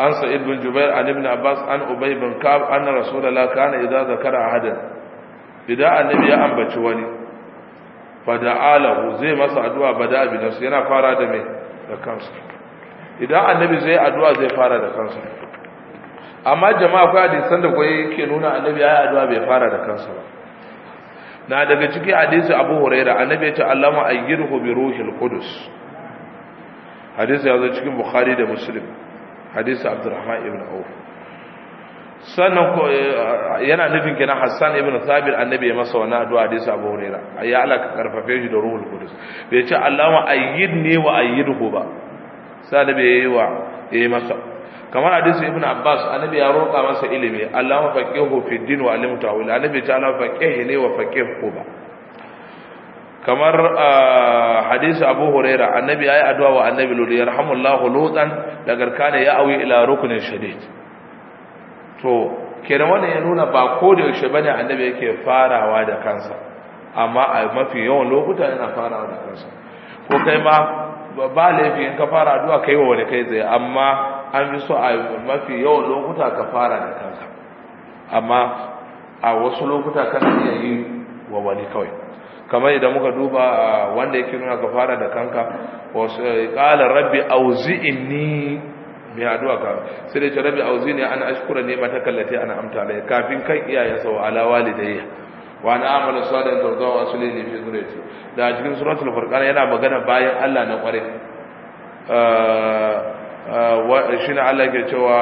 Speaker 1: عن سعيد بن جبير عن ابن عباس عن أبي بن كعب أن رسول الله كان إذا ذكر أحدا إذا النبي يا أم بتشواني فدعا له زي ما سأدوا بدأ بنفسه أنا فارا دمي لكنسر إذا النبي زي أدوا زي فارا لكنسر amma jama'a kwa hadisan da kwaye ke nuna annabi ya addu'a bai fara da kansa ba na daga ciki hadisi abu huraira annabi ya ce allama ayyirhu bi ruhil qudus hadisi ya zo cikin bukhari da muslim hadisi abdurrahman ibn auf sannan eh, yana nufin kenan hassan ibn thabit annabi ya masa wannan addu'a hadisi abu huraira ya ala ka karfafe shi da ruhul qudus bai ce allama ayyidni wa ayyidhu ba sai bai yi wa yayi masa kamar hadisin ibnu abbas annabi ya roƙa masa ilimi allahumma faqihu fi din wa alim ta'awil annabi ta fakke faqihi ne wa faqihu ba kamar ah, hadisi abu huraira annabi ya yi addu'a wa annabi lulu ya rahamullahu lutsan da garkane ya awi ila ruknin shadid to kenan wannan ya nuna ba ko da yaushe bane annabi yake farawa da kansa amma a mafi yawan lokuta yana farawa da kansa ko kai ma ba laifi in ka fara addu'a kai wa wani kai tsaye amma an yi so a mafi yawan lokuta ka fara da kanka amma a wasu lokuta na iya yi wa wani kawai kamar idan muka duba wanda yake nuna ka fara da kanka wasu eh, qala rabbi auzi auzi'ni mai haduwa ka sai dai rabbi auzi ne an ashkura mata allati ana amta alayya kafin kan iyayensa wa ala walidayya wa na amala salihan tarda wa asli li fi zuriyati da cikin suratul furqan yana magana bayan Allah na kware shi ne Allah ke cewa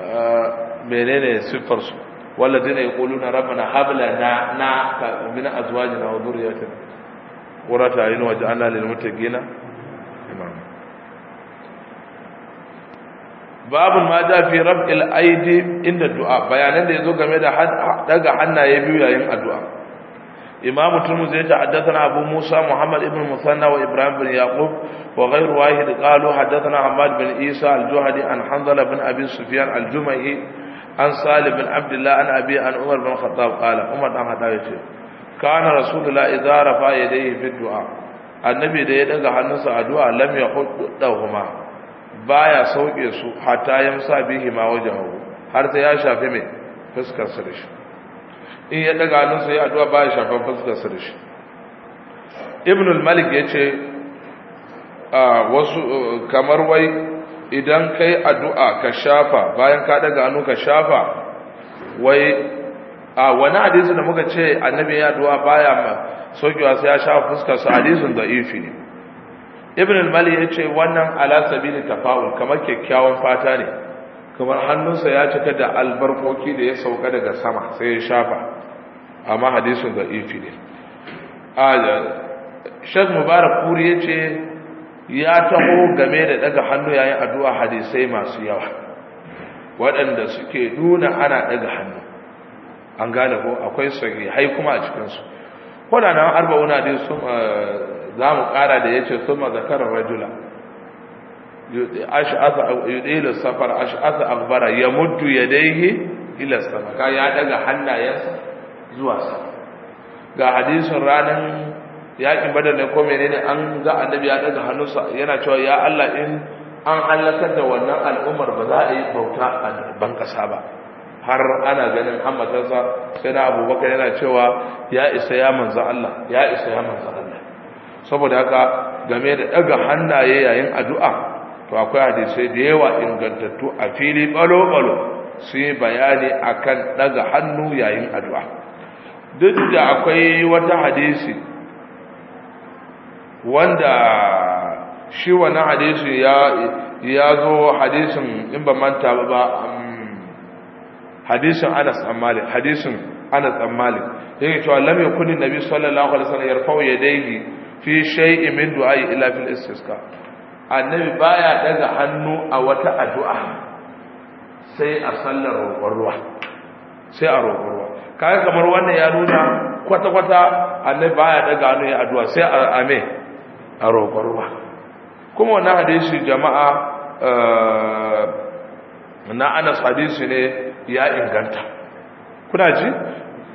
Speaker 1: ah, menene siffarsu walladina yaquluna rabbana hab lana na min azwajina wa Wurata qurrata ayun waj'alna lil muttaqina imam babu ma ja fi raf'il aidi inda du'a bayanan da yazo game da daga hannaye biyu yayin addu'a إمام الترمذي حدثنا أبو موسى محمد بن مثنى وإبراهيم بن يعقوب وغير واحد قالوا حدثنا عماد بن عيسى الجهدي عن حنظلة بن أبي سفيان الجمعي عن سالم بن عبد الله عن أبي عن عمر بن الخطاب قال عمر بن الخطاب كان رسول الله إذا رفع يديه في الدعاء النبي da ya daga hannunsa a du'a lam yahuddahuma baya sauke su hatta yamsa bihi ma wajahu har sai ya shafi mai fuskar su da shi in ya daga hannunsa ya addu'a ba ya shafan fuskarsa da shi ibnul malik ya ce wasu kamar wai idan kai addu'a ka shafa bayan ka daga hannu ka shafa wai a wani hadisu da muka ce annabi ya addu'a baya sokewa sai ya shafa fuskarsa hadisun da ifi ne ibnul malik ya ce wannan ala sabili tafa'ul kamar kyakkyawan fata ne kamar hannunsa ya cika da albarkoki da ya sauka daga sama sai ya shafa amma hadisun da ifi ne shek mubarak kuri ya ce ya taho game da daga hannu yayin addu'a hadisai masu yawa waɗanda suke nuna ana daga hannu an gane ko akwai sagi hai kuma a cikinsu waɗannan arba'una dai eh, za mu ƙara da ya ce sun mazakarar rajula ash'atha yudilu safar ash'atha aghbara yamuddu yadayhi ila sama ka ya daga hannayensa zuwa sama ga hadisin ranan yakin badar ne ko menene an ga annabi ya daga hannunsa yana cewa ya Allah in an halakar da wannan al'ummar ba za a yi bauta a ban kasa ba har ana ganin hammatarsa sai na abubakar yana cewa ya isa ya manzo Allah ya isa ya manzo Allah saboda haka game da daga hannaye yayin addu'a to akwai hadisai da yawa ingantattu a fili balo-balo su yi bayani akan daga hannu yayin addu'a duk da akwai wata hadisi wanda shi wani hadisi ya zo hadisin in ba manta ba um, hadisin anas ammalik hadisin anas ammalik yake cewa lam yakun nabi sallallahu alaihi wasallam yarfa'u yadayhi fi shay'in min du'a ila fil istisqa annabi baya daga hannu a wata addu'a sai a sallar roƙon ruwa sai a roƙon ruwa kai kamar wannan ya nuna kwata-kwata annabi baya daga hannu ya addu'a sai a ame a roƙon ruwa kuma wannan hadisi jama'a eh, na anas hadisi ne ya inganta kuna ji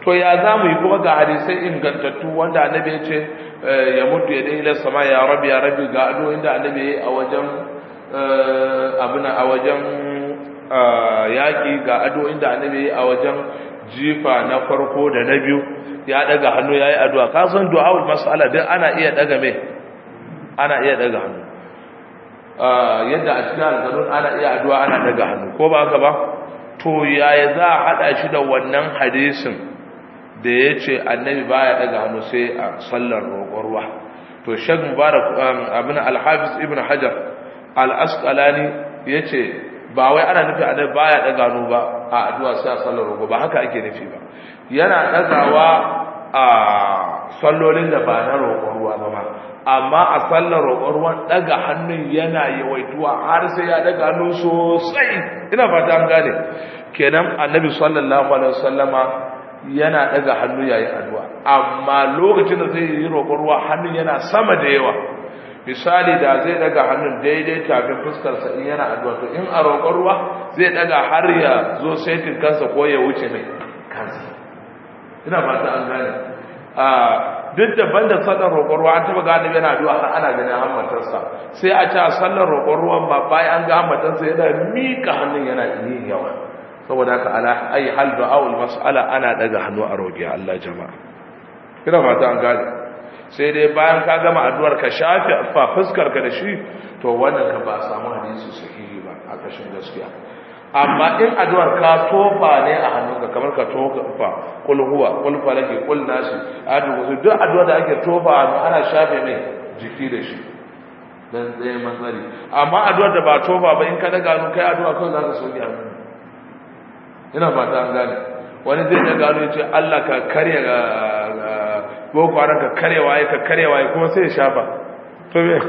Speaker 1: to ya za yi kuma ga hadisai ingantattu wanda annabi ya ce Eh, ya mutu ya dai sama ya rabi ya rabi ga ado inda annabi a wajen eh, abuna a wajen eh, yaƙi ga ado inda annabi a wajen jifa na farko da na biyu ya daga hannu ya yi addu'a san du'awul mas'ala dan ana iya daga me ana iya daga hannu yadda a cikin al'adun ana iya addu'a ana daga hannu ko ba haka ba to yaya za a haɗa shi da wannan hadisin da ya ce annabi baya daga hannu sai a sallar roƙon ruwa to shek mubarak um, abin alhafiz ibn hajar al ya ce ba wai ana nufi annabi baya daga hannu ba a addu'a sai a sallar roƙo ba haka ake nufi ba yana dagawa a sallolin da ba na roƙon ruwa ba ma amma a sallar roƙon ruwa daga hannun yana yawaituwa har sai ya daga hannu sosai ina fata an gane kenan annabi sallallahu alaihi wasallama yana daga hannu yayin addu'a amma lokacin da zai yi roƙon ruwa hannun yana sama da yawa misali da zai daga hannun daidai tafin fuskarsa in yana addu'a to in a roƙon ruwa zai daga har ya zo saitin kansa ko ya wuce mai kansa ina fata an gane duk da banda sallar roƙon ruwa an taɓa gane yana addu'a har ana ganin hammatarsa sai a ce a sallar roƙon ruwan ba bayan an ga hammatarsa yana miƙa hannun yana yin yawa saboda haka ala ayi hal du'aul mas'ala ana daga hannu a roƙi Allah jama'a kina fata an gane sai dai bayan ka gama addu'ar ka shafi fa fuskar ka da shi to wannan ka ba samu hadisi sahihi ba a kashin gaskiya amma in addu'ar ka tofa ne a hannunka kamar ka tofa kul huwa kul falaki kul nasi addu'a duk addu'a da ake tofa ana shafe mai jiki da shi dan tsaye matsari amma addu'ar da ba tofa ba in ka daga hannu kai addu'a kawai za ka soke hannu ina fata an gane wani zai da gano ya ce Allah ka karya ga boko haram ka karya waye ka karya waye kuma sai ya shafa to me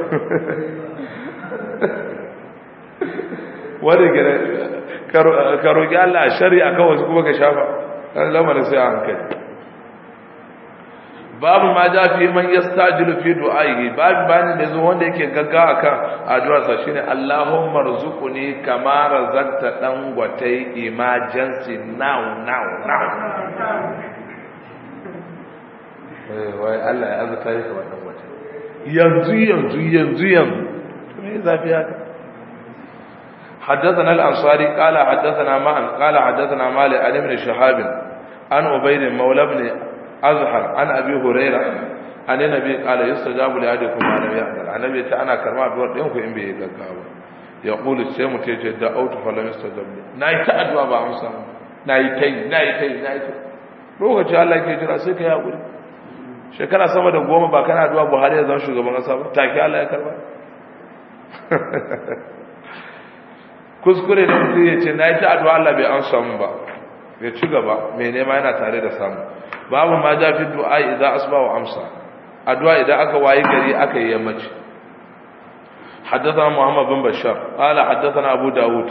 Speaker 1: wani gare ka roƙi Allah a shari'a kawai kuma ka shafa an lamarin sai a hankali babu ma ja fi man yastajilu fi du'aihi babu bani da zo wanda yake gagga akan addu'a sa shine Allahumma rzuqni kama razaqta dan gwatai emergency now now now eh wai Allah ya azurta shi wannan dan gwatai yanzu yanzu yanzu yanzu me zafi haka حدثنا الأنصاري قال حدثنا معا قال حدثنا مالك عن ابن شهاب عن عبيد مولى بن azhar an abi huraira an nabi qala yastajabu li ahadikum ma lam ya'mal annabi ta ana karma addu'ar ɗayan ku in bai gaggawa ya qulu sai mu ce da autu fa lam yastajab na yi ta addu'a ba amsa na yi ta na yi ta na yi ta lokaci Allah ke jira sai ka yi hakuri shekara sama da goma ba kana addu'a Buhari ya zama shugaban kasa ba take Allah ya karba kuskure da mutum ya ce na yi ta addu'a Allah bai amsa mun ba ya ci gaba mai nema yana tare da samu babu ma ja fi du'a idza asba wa amsa addu'a idan aka wayi gari aka yi yammaci
Speaker 2: حدثنا محمد بن بشار قال حدثنا أبو داود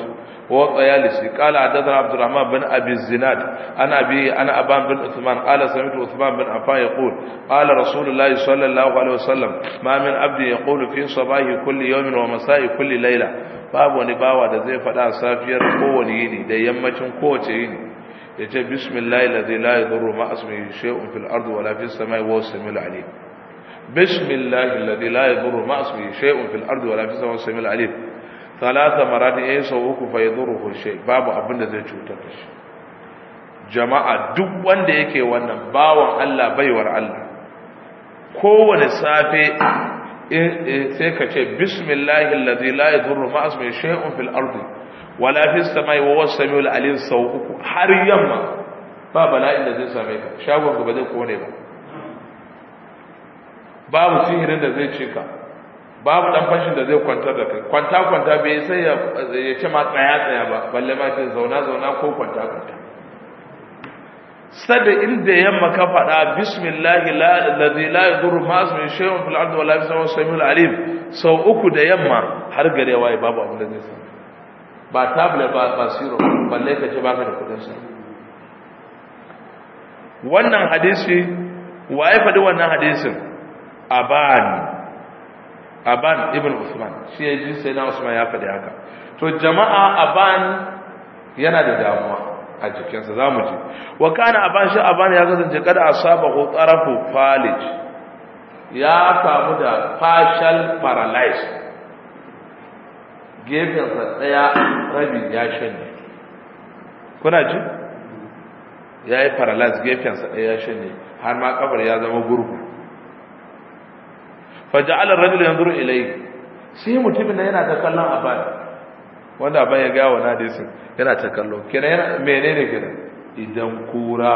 Speaker 2: وطيالسي قال حدثنا عبد الرحمن بن أبي الزناد أنا أبي أنا bin بن عثمان
Speaker 1: قال سمعت عثمان بن عفان يقول قال رسول الله صلى الله عليه وسلم ما من عبد يقول في صباح كل يوم ومساء كل wani باب da zai fada safiyar kowani yini da yammacin kowace yini. ya ce bismillahi lazi la yadurru ma asmi shay'un fil ardi wala fis samai wa samil alim bismillahi lazi la yadurru ma asmi shay'un fil ardi wala fis samai wa samil alim thalatha ya yi eh, sau uku fa ya yadurruhu shay babu abin da zai cutar da shi jama'a duk wanda yake wannan bawan Allah baiwar Allah kowane safe eh, eh, sai ka ce bismillahi lazi la yadurru ma asmi shay'un fil ardi wala fi samai wa wasu samiul alim sau uku har yamma ba bala'in da zai same ka shagon ka ba zai kone ba babu sihirin da zai cika babu dan fashin da zai kwantar da kai kwanta kwanta bai sai ya ce ma tsaya tsaya ba balle ma ce zauna zauna ko kwanta kwanta sada inda yamma ka faɗa bismillahi ladhi la yadurru ma asmi shay'un fil ardi wa la wa alim sau uku da yamma har gare waye babu abin da zai samu ba tablet ba basiro balle ka ce baka da kudin sa wannan hadisi waye faɗi wannan hadisin aban aban ibn usman shi ya ji sai na usman ya faɗi haka to jama'a aban yana da damuwa a jikinsa za mu ji wa kana aban shi aban ya kasance kada asaba ko tsarafu falij ya kamu da partial paralysis gefensa ɗaya rabin ya shanye kuna ji ya yi paralyze gefensa ɗaya ya shanye har ma kabar ya zama gurgu faja'ala rajul yanzuru ilayhi sai mutumin na yana ta kallon abai wanda abai ya ga wa nadisin yana ta kallo kenan yana menene kenan idan kura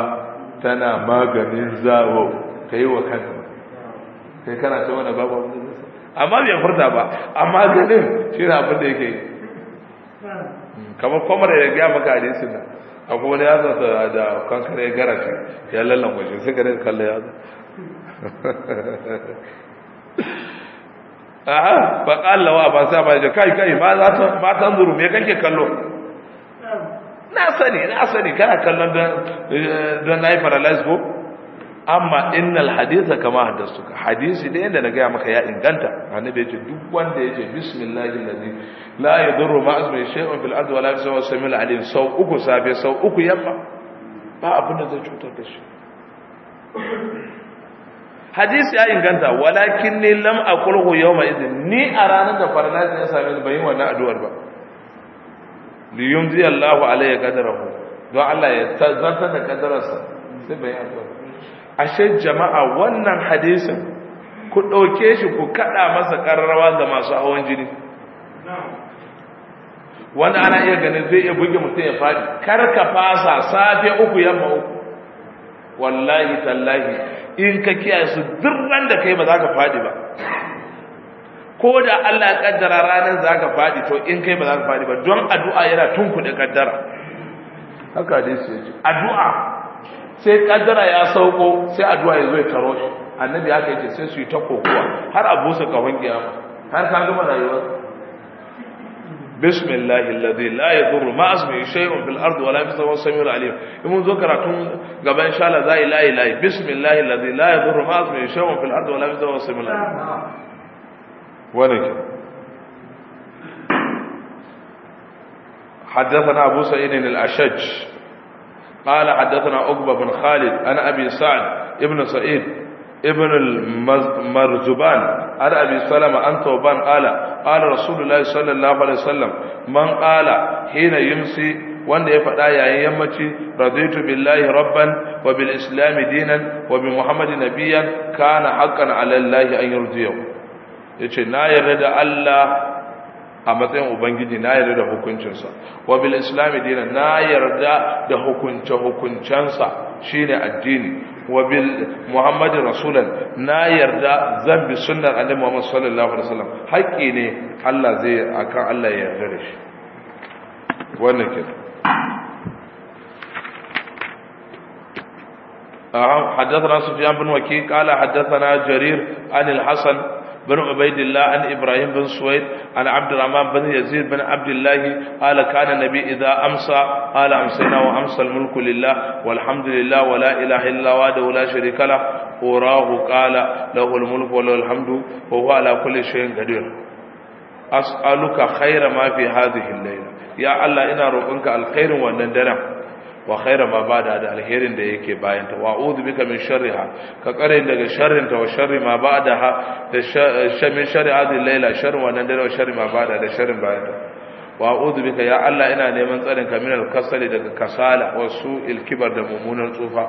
Speaker 1: tana maganin zawo kai wa kanka kai kana ta wani babu amma bai furta ba amma ganin shi na abin da yake yi kamar kwamar ya gaya maka A nan akwai wani yatsa ta da kankare ya gara shi ya lallan kwashe sai gare kalla yatsa a ba kalla wa ba sa ba da kai kai ba za ta ba ta zuru me kake kallo na sani na sani kana kallon don eh, na yi paralyze ko amma innal haditha kama haddastuka hadisi da yanda na gaya maka ya inganta annabi yace duk wanda yace bismillahi ladhi la yadurru ma asmi shay'un fil ardi wala la samil alim sau uku safe sau uku yamma ba abin da zai cutar da shi hadisi ya inganta walakin ni lam aqulhu yawma idin ni a ranar da farnaji ya same ni yin wannan addu'ar ba li yumzi Allahu alayya qadarahu don Allah ya tazarta da kadararsa sai bai addu'a ashe jama'a wannan hadisin ku ɗauke shi ku kaɗa masa ƙararrawa ga masu hawan jini wanda ana iya ganin zai iya buge mutum ya faɗi kar ka fasa safe uku yamma uku wallahi tallahi in ka kiyaye su duk da kai ba za ka faɗi ba ko da Allah ya kaddara ranar za ka faɗi to in kai ba za ka faɗi ba don addu'a yana tunkuɗe kaddara haka dai su addu'a sai kaddara ya sauko sai addu'a ya zo ya taro shi annabi haka yace sai su yi ta kokowa har a busa kafan kiyama har ka gama rayuwa bismillahi alladhi la yadurru ma ismihi shay'un fil ardi wa la fis samawati samiul alim mun zo karatun gaba insha Allah za ila ila bismillahi alladhi la yadurru ma ismihi shay'un fil ardi wa la fis samawati samiul alim wannan حدثنا أبو سعيد الأشج قال حدثنا عقبة بن خالد عن أبي سعد ابن سعيد ابن المرزبان عن أبي سلمة عن توبان قال قال رسول الله صلى الله عليه وسلم من قال حين يمسي wanda ya faɗa yayin yammaci raditu billahi rabban wa bil islam dinan wa bi muhammadin nabiyyan kana haqqan ala allahi an yurdiyahu yace na yarda da Allah a matsayin ubangiji na yarda da hukuncinsa wa bil islami dinan na yarda da hukunce hukuncensa shine addini wa bil muhammadin rasulan na yarda zan bi sunnar annabi muhammad sallallahu alaihi wasallam haƙƙi ne Allah zai akan Allah ya yarda shi wannan ke حدثنا سفيان بن وكيع قال حدثنا جرير عن الحسن بن عبيد الله عن إبراهيم بن سويد عن عبد الرحمن بن يزيد بن عبد الله قال كان النبي إذا أمسى قال أمسينا وأمسى الملك لله والحمد لله ولا إله إلا وحده لا شريك له وراه قال له الملك وله الحمد وهو على كل شيء قدير أسألك خير ما في هذه الليلة يا الله إنا ربك الخير وأن wa khaira ma bada da alherin da yake bayanta ta wa a'udhu bika min sharriha ka kare daga sharrin ta wa sharri ma da ha da shamin sharri hadhihi laila sharri wa nan da sharri ma bada da sharrin bayan wa a'udhu bika ya Allah ina neman tsarin ka min al daga kasala wa su'il kibar da mummunan tsufa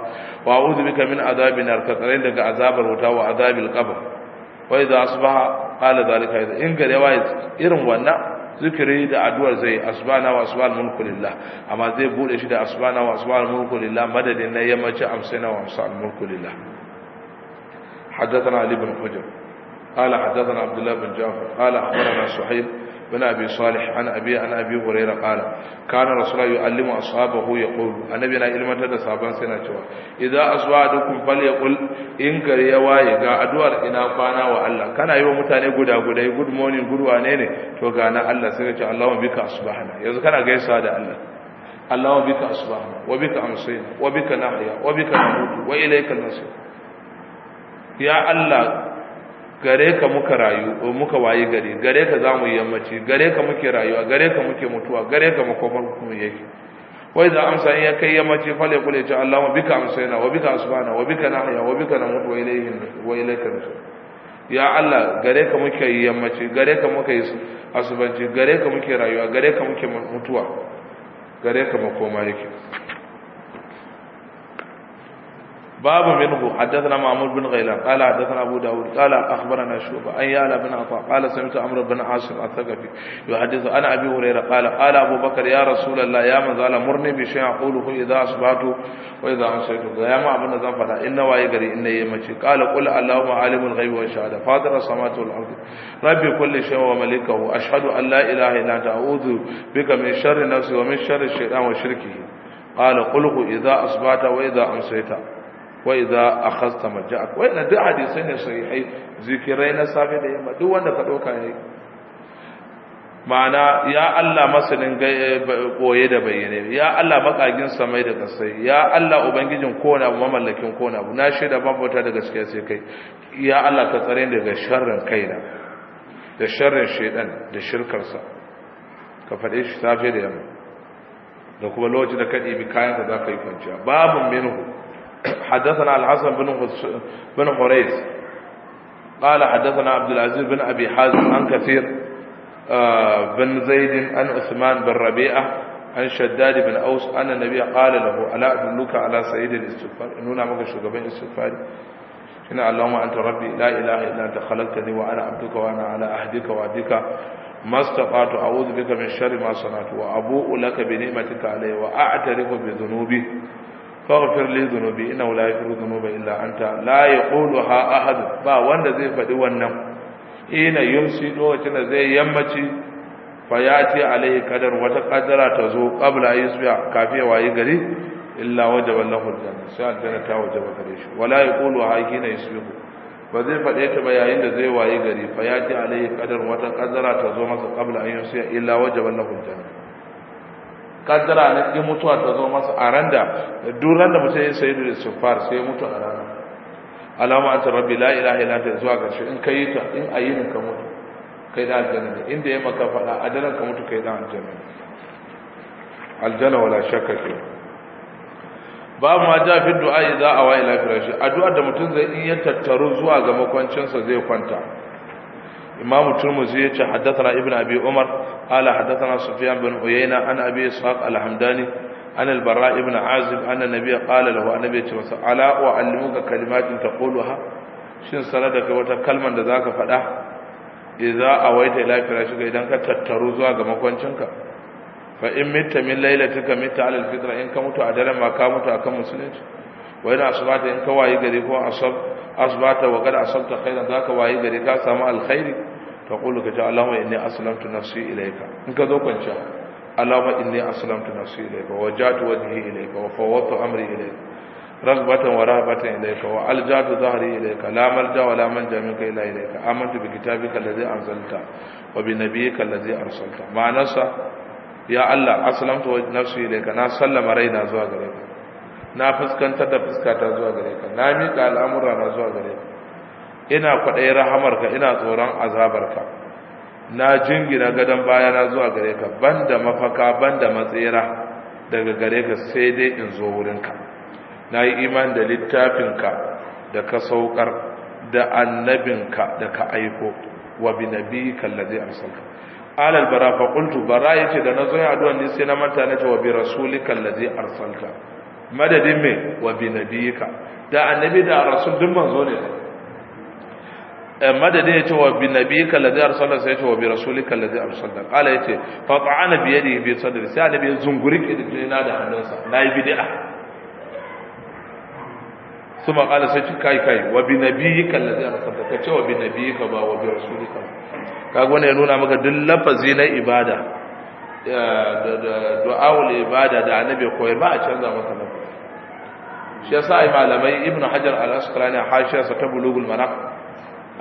Speaker 1: wa a'udhu bika min azabin nar ka daga azabar wuta wa azabil qabr
Speaker 2: wa idza asbaha qala zalika in gare wa irin wannan zikiri da addu'ar zai asbana wa asbal mulku lillah amma zai bude shi da asbana wa asbal mulku lillah madadin na yammaci amsina wa amsal
Speaker 1: mulku lillah حدثنا علي بن حجر قال حدثنا عبد الله بن جعفر قال اخبرنا سحيب kana abin su alix ana abin an abin hure da ala kana rasu da yau alinmu a su abahu ya kodwa a na biya na ilmantar da sabon sai na ci wa, a dukkan gari ya waye ga addu'ar ina kwana wa Allah, kana yi wa mutane guda gudai gudmomin guduwa nene to gane Allah sai ka cire allahu bika a yanzu ka na gaisawa da Allah, allahu bika a wa bika a wa bika na wa bika na hutu, wa ilaika na siyasa. gare ka muka rayu muka wayi gari gare ka zamu yi yammaci gare ka muke rayuwa gare ka muke mutuwa gare ka makomar kuma yake wai za amsa in ya kai yammaci fale kule ce Allahumma bika amsayna wa bika asbana wa bika nahya wa bika namutu wa ilayhi wa ilayka nusur
Speaker 2: ya Allah gare ka muke yi yammaci gare ka muke yi asubanci
Speaker 1: gare ka muke rayuwa gare ka muke mutuwa gare ka koma yake باب منه حدثنا معمر بن غيلان قال حدثنا أبو داود قال أخبرنا شعبة أن يالا بن عطاء قال سمعت عمرو بن عاصم الثقفي يحدث عن أبي هريرة قال قال أبو بكر يا رسول الله يا من زال مرني بشيء أقوله إذا أصبحت وإذا أمسيت يا ما أبن زان فلا إن وايقري إن يمشي قال قل اللهم عالم الغيب والشهادة فاطر السماوات والأرض ربي كل شيء وملكه أشهد أن لا إله إلا أنت أعوذ بك من شر نفسي ومن شر الشيطان وشركه قال قله إذا أصبحت وإذا أمسيت wa idza akhadta maja'ak wa ina da hadisin ne sahihai zikirai na safe da yamma duk wanda ka dauka yayi ma'ana ya Allah masanin eh, boye da bayyane ya Allah makagin samai da kasai ya Allah ubangijin kona abu mamallakin kona abu na shaida bambata da gaskiya sai kai ya Allah ka tsare daga sharrin kaina da sharrin shaidan da shirkarsa ka faɗe shi safe da yamma da kuma lokacin da ka bi kayan da za ka yi kwanciya babu minhu حدثنا الحسن بن بن حريث قال حدثنا عبد العزيز بن أبي حازم عن كثير آه، بن زيد عن عثمان بن ربيعة عن شداد بن أوس أن النبي قال له ألا أدلك على سيد الاستغفار إننا نعمك شغبين الاستغفار إن اللهم أنت ربي لا إله إلا أنت خلقتني وأنا عبدك وأنا على عهدك وعدك ما استطعت أعوذ بك من شر ما صنعت وأبوء لك بنعمتك علي وأعترف بذنوبي faghfir li dhunubi innahu la yaghfiru dhunuba illa anta la yaquluha ahad ba wanda zai faɗi wannan ina yumsi do da zai yammaci fa yati alai qadar wata qadara ta zo qabla yusbiya kafi wayi gari illa wajaba lahu aljanna sai aljanna ta wajaba gare shi wala yaquluha hina yusbiya ba zai faɗe ta ba yayin da zai wayi gari fa yati alai qadar wata qadara ta zo masa qabla an yusbiya illa wajaba lahu aljanna kaddara na in mutuwa ta zo masa a randa duk randa mutum ya sayi da sufar sai ya mutu a rana alama ta rabbi la ilaha illa ta zuwa karshe in kai ta in ayyinin ka mutu kai da aljanna ne inda ya maka fada daren ka mutu kai da aljanna aljanna wala shakka ke babu ma ja fi du'a idza wa ila firashi addu'a da mutum zai in ya tattaru zuwa ga makwancinsa zai kwanta إمام الترمذي حدثنا ابن أبي عمر قال حدثنا سفيان بن عيينة عن أبي إسحاق الحمداني عن البراء بن عازب أن النبي قال له النبي صلى ألا أعلمك كلمات تقولها shin sanadaka wata kalmar da zaka faɗa idza awaita ila firashika idan ka tattaru zuwa ga makwancinka fa in mitta min lailatika mitta ala alfitra in ka mutu a daren ma ka mutu akan musulunci wa in asbata in ka wayi gari ko asab asbata wa qad asabta khairan zaka wayi gari ka samu alkhairi taqulu ka ja alama inni aslamtu nafsi ilayka in ka zo kwanciya alama inni aslamtu nafsi ilayka wa ja'tu wajhi ilayka wa fawwadtu amri ilayka ragbatan wa rahbatan ilayka wa alja'tu dhahri ilayka la malja wa la manja minka illa ilayka amantu bi kitabika alladhi anzalta wa bi nabiyyika alladhi arsalta ma'anasa ya allah aslamtu nafsi ilayka na sallama raina zuwa gare ka na fuskantar da fuskata zuwa gare ka na miƙa al'amura na zuwa gare ka ina kwaɗayi rahamarka ina tsoron azabarka na jingina gadon bayana zuwa gare ka banda mafaka banda matsera daga gare ka sai dai in zo wurinka na yi iman da littafinka da ka saukar da annabinka da ka aiko wa bi na bi nabi kallazi arsalka alal bara fa qultu bara yace da zo ya addu'a ni sai na manta na ce wa bi rasuli rasulika allazi arsalka madadin me wa bi na bi ka. da annabi da rasul duk manzo ne
Speaker 2: Eh, madadin ya ce wa bi nabi kallazi arsalna sai ya ce wa bi rasuli kallazi arsalna qala ya ce fa ta'ana bi yadihi bi sadri sai annabi ya zunguri da na da hannunsa nayi bid'a
Speaker 1: kuma qala sai ce kai kai wa bi nabi kallazi arsalna ka ce wa bi nabi ka ba wa bi rasuli ka kaga wannan ya nuna maka duk lafazi na ibada eh, da du'awul ibada da annabi koyi ba a canza masa lafazi shi yasa ai malamai ibnu hajar al-asqalani hashiyarsa ta bulugul manaq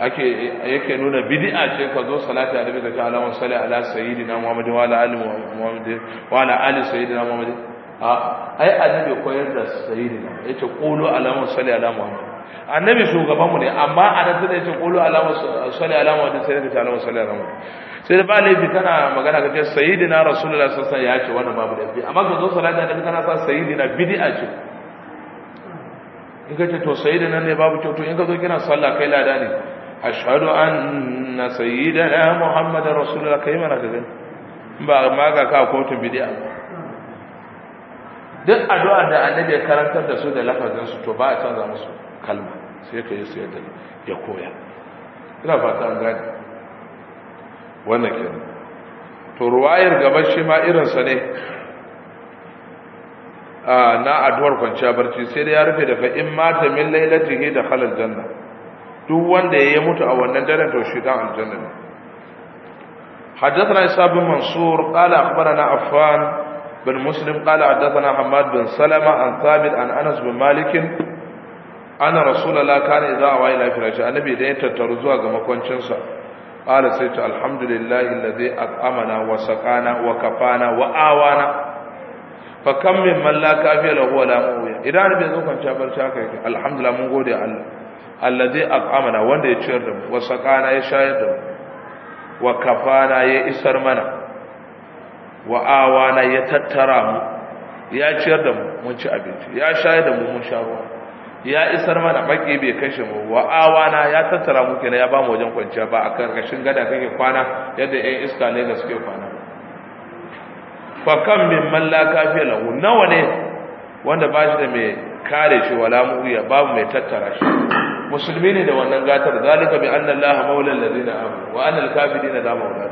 Speaker 1: ake yake nuna bid'a ce ka zo salati annabi da ta alama salli ala sayyidina muhammad wa ala ali muhammad wa ala ali sayyidina muhammad a ai annabi koyar da sayyidina yace qulu alama salli ala muhammad annabi shugaban mu ne amma da sai yace qulu alama salli ala muhammad sai da ta alama salli ala muhammad sai da bi tana magana ga ce sayyidina rasulullah sallallahu alaihi wasallam ya ce wannan babu dafi amma ka zo salati annabi kana sa sayyidina bid'a ce in ka ce to sayyidina ne babu kyautu to in ka zo kina sallah kai lada ne an ashhadu anna ya muhammadin rasulullah yi mana ka gani ba a maga ka kotun bidiya duk addu'a da annabi ya karantar da su da lafazin su to ba a canza musu kalma sai ka yi su yadda ya koya ina fata an gane wannan kenan to ruwayar gaban shi ma irinsa ne na addu'ar kwanciya barci sai da ya rufe da in mata min lailatihi da halal janna duk wanda ya mutu a wannan daren to shi dan aljanna ne حدثنا إسحاق بن منصور قال أخبرنا عفان بن مسلم قال حدثنا حماد بن سلمة عن ثابت عن أنس بن مالك أن رسول الله كان إذا أوى إلى فراشه النبي دين تترزوا كما كونشنسا قال سيت الحمد لله الذي أطعمنا وسقانا وكفانا وآوانا فكم من من لا كافي له ولا مؤوية إذا أنا بيزوكم شابر شاكرك الحمد لله من قولي الله allazi at'amana wanda ya ciyar da mu wa sakana ya shayar da mu wa kafana ya isar mana wa awana ya tattara mu ya ciyar da mu mun ci abinci ya shayar da mu mun sha ruwa ya isar mana baki bai kashe mu wa awana ya tattara mu kenan ya ba mu wajen kwanciya ba a karkashin gada kake kwana yadda ɗan iska ne da suke kwana fa kam min mallaka fi lahu nawa ne wanda ba shi da mai kare shi wala mu babu mai tattara shi musulmi ne da wannan gatar zalika bi anna allah maula allazina amanu wa anna alkafirina la maula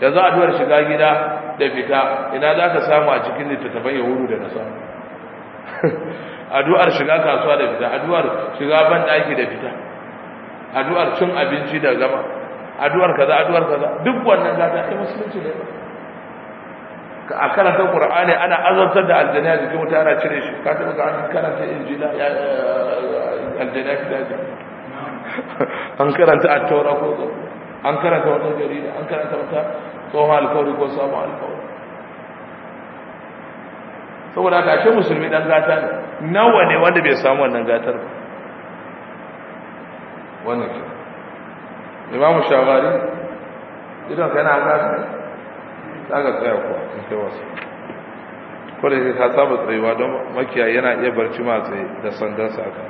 Speaker 1: yanzu addu'ar shiga gida da fita ina za ka samu a cikin littattafan yahudu da nasara addu'ar shiga kasuwa da fita addu'ar shiga ban daki da fita addu'ar cin abinci da gama addu'ar kaza addu'ar kaza duk wannan gata ai musulunci ne a karanta qur'ani ana azantar da aljanna jikin wuta ana cire shi ka taba an karanta injila ya aljanna da an karanta at-taura ko an karanta wata jarida an karanta wata tsohon alfawari ko samun alfawari. saboda ka ce musulmi dan gata ne nawa ne wanda bai samu wannan gatar ba wannan ke imamu shawari idan kana gata ne za ka tsaya kuwa kewarsa kodai zai saba tsayuwa don makiya yana iya barci masu da sandarsa a kan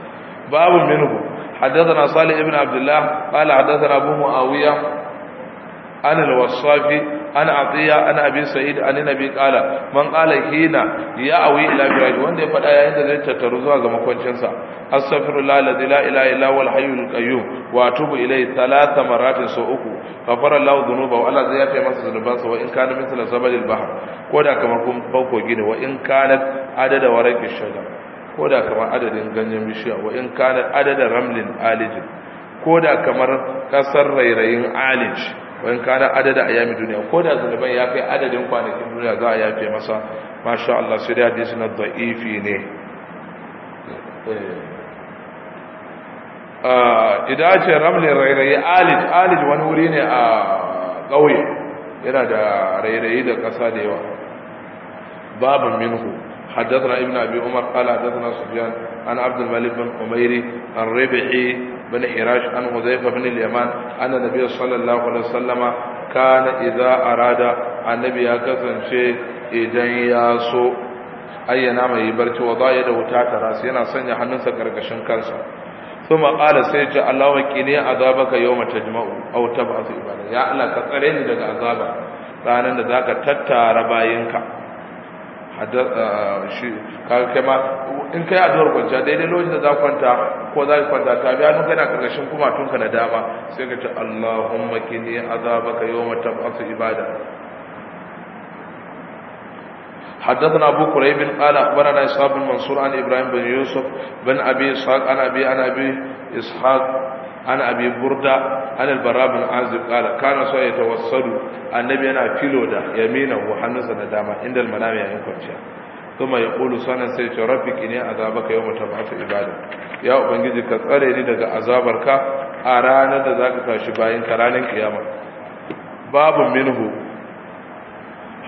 Speaker 1: babu minhu na sali ibn abdullah kala na abu mu'awiyya
Speaker 2: an alwasafi an atiya an abin sa'id an nabi kala
Speaker 1: man kala hina ya awi ila wanda ya faɗa yayin da zai tattaru zuwa ga makwancinsa astaghfirullah alladhi la ilaha illa huwa al-hayyul qayyum wa atubu ilayhi thalatha maratin so uku ghafara Allahu dhunubahu Allah zai yafe masa zunubansa wa in kana mithla zabalil bahr ko da kamar kun bauko gida wa in kana adada waraqi shajar ko da kamar adadin ganyen bishiya wa in kana adada ramlin alijin ko da kamar kasar rairayin alij wa in kana adada ayami duniya ko da zunuban ya kai adadin kwanakin duniya za a yafe masa masha Allah sai da hadisi na da'ifi ne eh. Ah, idace ramlin rairayi alij alij wani wuri ne a ƙauye yana da rairayi da ƙasa da yawa babin minhu haddasa ibn abi umar qala haddasa sufyan an abd al bin umayri an rabi'i bin irash an huzaifa bin al yaman an nabiy sallallahu alaihi wasallama kana idza arada annabi ya kasance idan ya so ayyana mai barci wada yi da wuta ta ras yana sanya hannunsa gargashin kansa ثم قال سيجا الله وكيني عذابك يوم تجمع أو تبعث عبادك يا الله ni daga azaba ranar da za ka tattara bayanka uh, kama in kai addu'ar kwanciya daidai lokacin da za kwanta ko za ka kwanta ta biya nuka yana karkashin tunka na dama sai ka ce allahumma kini azabaka yawma tab'asu ibada حدثنا أبو كريب قال أخبرنا إسحاق بن منصور عن إبراهيم بن يوسف بن أبي إسحاق عن أبي عن أبي إسحاق عن أبي بردة عن البراء بن عازب قال كان سوى يتوسل النبي أنا كيلو ده يمينه وحنسنا داما عند المنام يعني كنشا ثم يقول سنة سيت ربك إني عذابك يوم تبعث عبادك يا أبنجي كتقري لي دقى عذابك أرانا ذاك تاشباين كرانين قيامة باب منه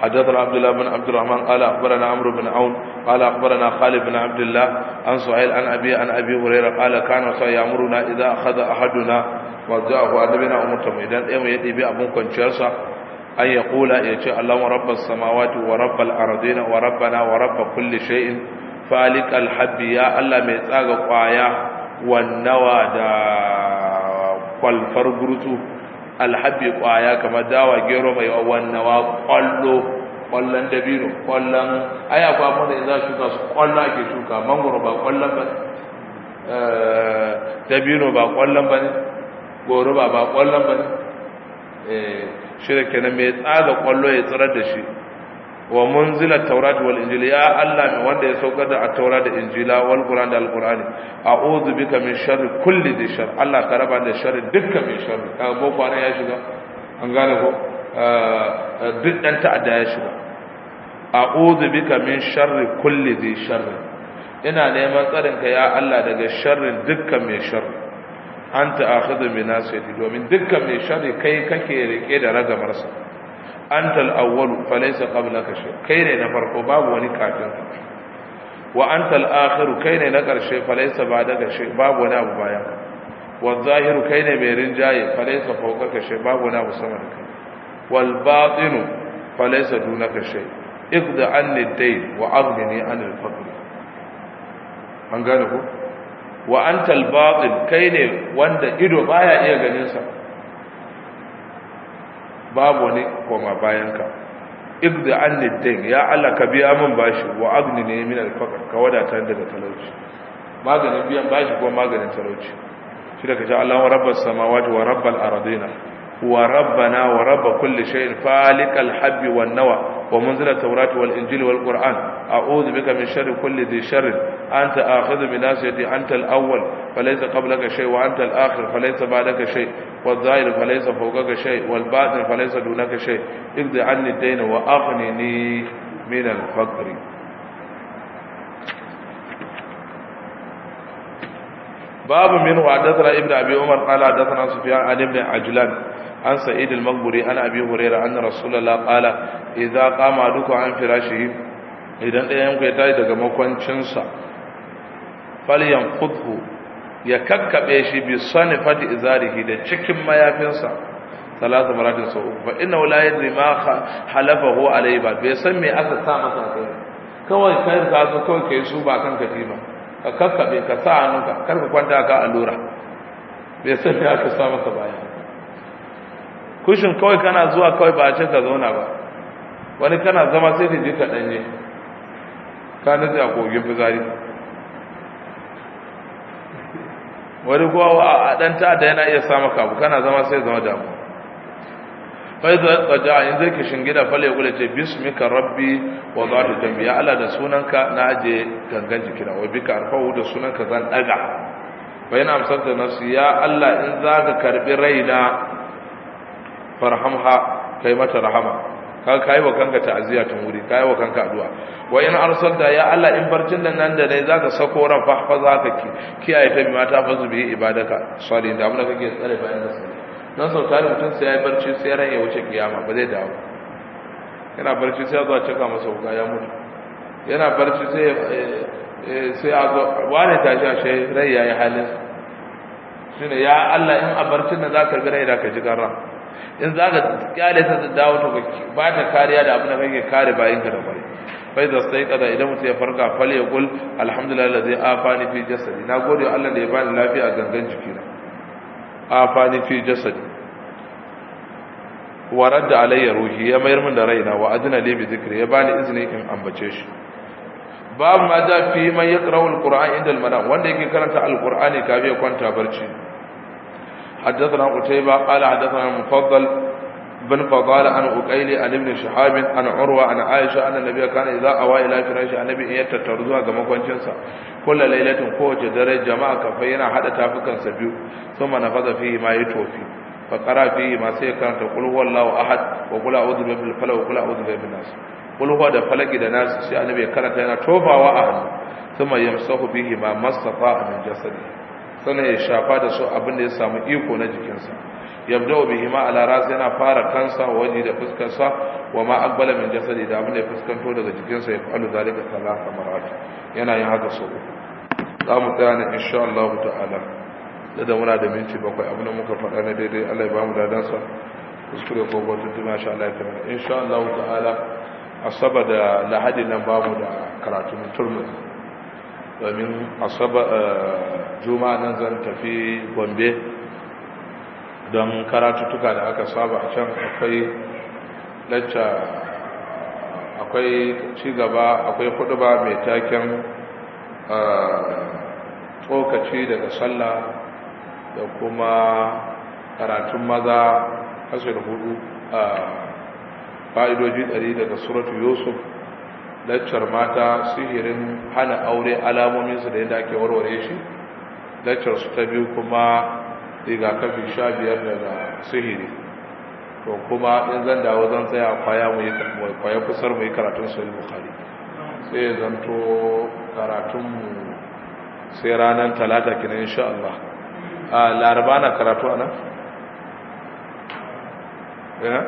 Speaker 1: حدثنا عبد الله بن عبد الرحمن قال أخبرنا عمرو بن عون قال أخبرنا خالد بن عبد الله عن سهيل عن أبي عن أبي هريرة قال كان يأمرنا إذا أخذ أحدنا وجاءه أدبنا أمرتم إذا إما يدي بأبون كنشرسا أن يقول يا اللهم رب السماوات ورب الأرضين وربنا ورب كل شيء فالك الحب يا الله ميتاغ قايا والنوى دا kwalfar gurtu alhabbi kwaya kamar dawa gero mai wannawa kwallo kwallon dabino kwallon aya kwa muna za za ka su kwallo ake shuka mangoro ba kwallon ba eh, dabino ba kwallon ba ne goro ba ba kwallon ba ne eh, shirya kenan mai tsada kwallo ya tsirar da shi
Speaker 2: wa munzila taurat wal injil ya Allah mai wanda ya saukar da at-taura da injila wal qur'an da al-qur'ani
Speaker 1: a'udhu bika min sharri kulli dhi shar Allah ka raba da sharri dukkan min sharri ka go kwana ya shiga an gane ko ah, ah, duk dan da ya shiga a'udhu bika min sharri kulli dhi shar ina neman tsarin ka ya Allah daga sharrin dukkan mai sharri anta akhidhu min nasiyati domin dukkan mai sharri kai kake rike da ragamarsa antal awwalu falaysa qablaka shay kai ne na farko babu wani kafin ka
Speaker 2: wa antal akhiru kai ne na karshe falaysa
Speaker 1: ba'daka shay babu wani abu bayan ka wa zahiru kai ne mai rinjaye falaysa ka shay babu wani abu sama da kai wal batinu falaysa dunaka shay iqda anni dayn wa aghnini anil faqr an gane ku wa antal batin kai ne wanda ido baya iya ganin sa babu wani koma bayanka igdi an niddin ya Allah ka biya min bashi wa agni ne min alfaqar ka wadata daga talauci maganin biyan bashi ko maganin talauci shi daga ji Allahu rabbas samawati wa rabbal ardina wa rabbana wa rabb kulli shay'in falikal habbi wan nawa wa munzila tawrati wal injili wal qur'an a'udhu bika min sharri kulli dhi sharrin anta akhidhu bi nasiyati anta al awwal falaysa qablaka shay'un wa anta al akhir falaysa ba'daka shay'un والظاهر فليس فوقك شيء والباطن فليس دونك شيء اقض عني الدين واغنني من الفقر باب منه حدثنا ابن ابي عمر قال حدثنا سفيان عن ابن عجلان عن سعيد المقبري عن ابي هريره ان رسول الله قال اذا قام احدكم عن فراشه idan ɗayan ku ya tashi daga makwancinsa
Speaker 2: falyan fudhu
Speaker 1: ya kakkaɓe shi bi sanifati izarihi da cikin mayafinsa salatu maratin sau uku fa inna la yadri ma ko alayhi ba bai san me aka sa masa kai kawai kai ka zo kawai kai su ba kan ba ka kakkaɓe ka sa hannunka kar ka kwanta ka allura bai san me aka sa masa baya kushin kawai kana zuwa kawai ba a ce ka zauna ba wani kana zama sai ka je ka danye ka nutse a kogin fitsari wani kuwa a ɗan ta'adda yana iya sa maka abu kana zama sai zama damu bai da tsaja a zai ki shingida fale ya kula ce bismika rabbi wa za ta jambi ya ala da sunanka na aje gangan jikina wa bika arfahu da sunanka zan ɗaga bai na amsar da nasu ya allah in za ka karbi raina farhamha kai mata rahama ka kai wa kanka ta'aziyya tun wuri kai wa kanka addu'a wa in arsalta ya Allah in barcin nan nan da dai zaka sako ran fa fa zaka ki kiyaye ta bi mata fa zubi ibadaka sali da mun kake tsare bayan da sai nan sau tare mutum sai ya barci sai ran ya wuce kiyama ba zai dawo yana barci sai ya zo a cika masa wuka ya mutu yana barci sai eh, eh, sai a zo wani ta a sai rai ya yi halin shine ya Allah in a barcin nan zaka ga rai da ka ji garan in za ka kyale ta dawo ta ba ta kariya da abin da kake kare bayan ka da kwari fa sai kada idan mutum ya farka fal ya qul alhamdulillah alladhi afani fi jasadi na gode wa Allah da ya bani lafiya a gangan jikina afani fi jasadi wa radda alayya ruhi ya mayar min da raina wa ajna li bi dhikri ya bani izini in ambace shi babu ma da fi man yaqra'u alquran inda almana wanda yake karanta alqurani kafin ya kwanta barci حدثنا قتيبة قال حدثنا المفضل بن فضال عن أقيل عن ابن شحاب عن عروة عن عائشة أن النبي كان إذا أوى إلى فراش النبي إن يتترزوها كما كنشنسا كل ليلة قوة دري جماعة كفينا حتى تافكا سبيو ثم نفذ فيه ما يتوفي فقرأ فيه ما سيكرا تقول هو الله أحد وقل أعوذ برب الفلا وقل أعوذ برب الناس قل هو ده فلق ده ناس سي النبي كرا تينا توفا وأهل ثم يمسح به ما مستطاع من جسده sannan ya shafa da su abin da ya samu iko na jikinsa yabda wa bihima ala ras yana fara kansa waje da fuskarsa wa ma aqbala min jasadi da abin da ya fuskanto daga jikinsa ya fa'alu zalika talata marat yana yin haka sau za mu tsaya na insha Allah ta'ala da da muna da minti bakwai abin da muka faɗa na daidai Allah ya bamu dadansa kuskure ko tun tuma sha Allah ya insha Allah ta'ala asaba da Lahadin nan bamu da karatun turmi domin asaba eh, juma'a nan zan tafi gombe don karatutuka da aka saba a can akwai lacca akwai cigaba akwai ba mai taken eh, tsokaci daga sallah da kuma karatun maza da hudu a eh, fa'idoji 100 daga suratu yusuf laccar mata sihirin hana aure alamominsu da yadda ake warware shi laccar su ta biyu kuma rigakafin sha biyar daga sihiri to kuma in zan dawo zan tsaya kwaya mu yi kwaya kusar mu yi karatun yi bukari sai ya zanto karatun mu sai ranar talata kina insha Allah a laraba na karatu a nan? Eh?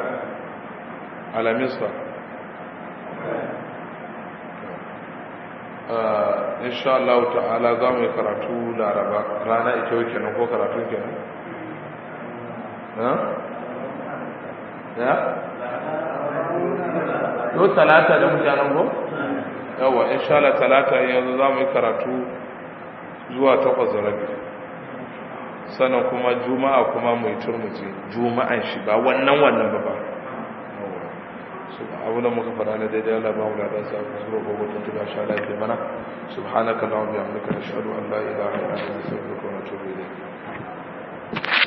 Speaker 1: alamis ba Eh, insha Allah ta'ala za mu yi karatu laraba rana ita yake kenan ko karatu kenan ya? yau talata da mutanen ko? yawa insha Allah talata yanzu za mu yi karatu zuwa takwas da rabi sannan kuma juma'a kuma mai turmuci juma'an shi ba wannan wannan ba ba abuna muka fara na daidai Allah ba mu da dan samu sura gobe ta tuna sha Allah ke mana subhanaka allahumma wa bihamdika nashhadu an la ilaha illa anta nastaghfiruka wa natubu ilayk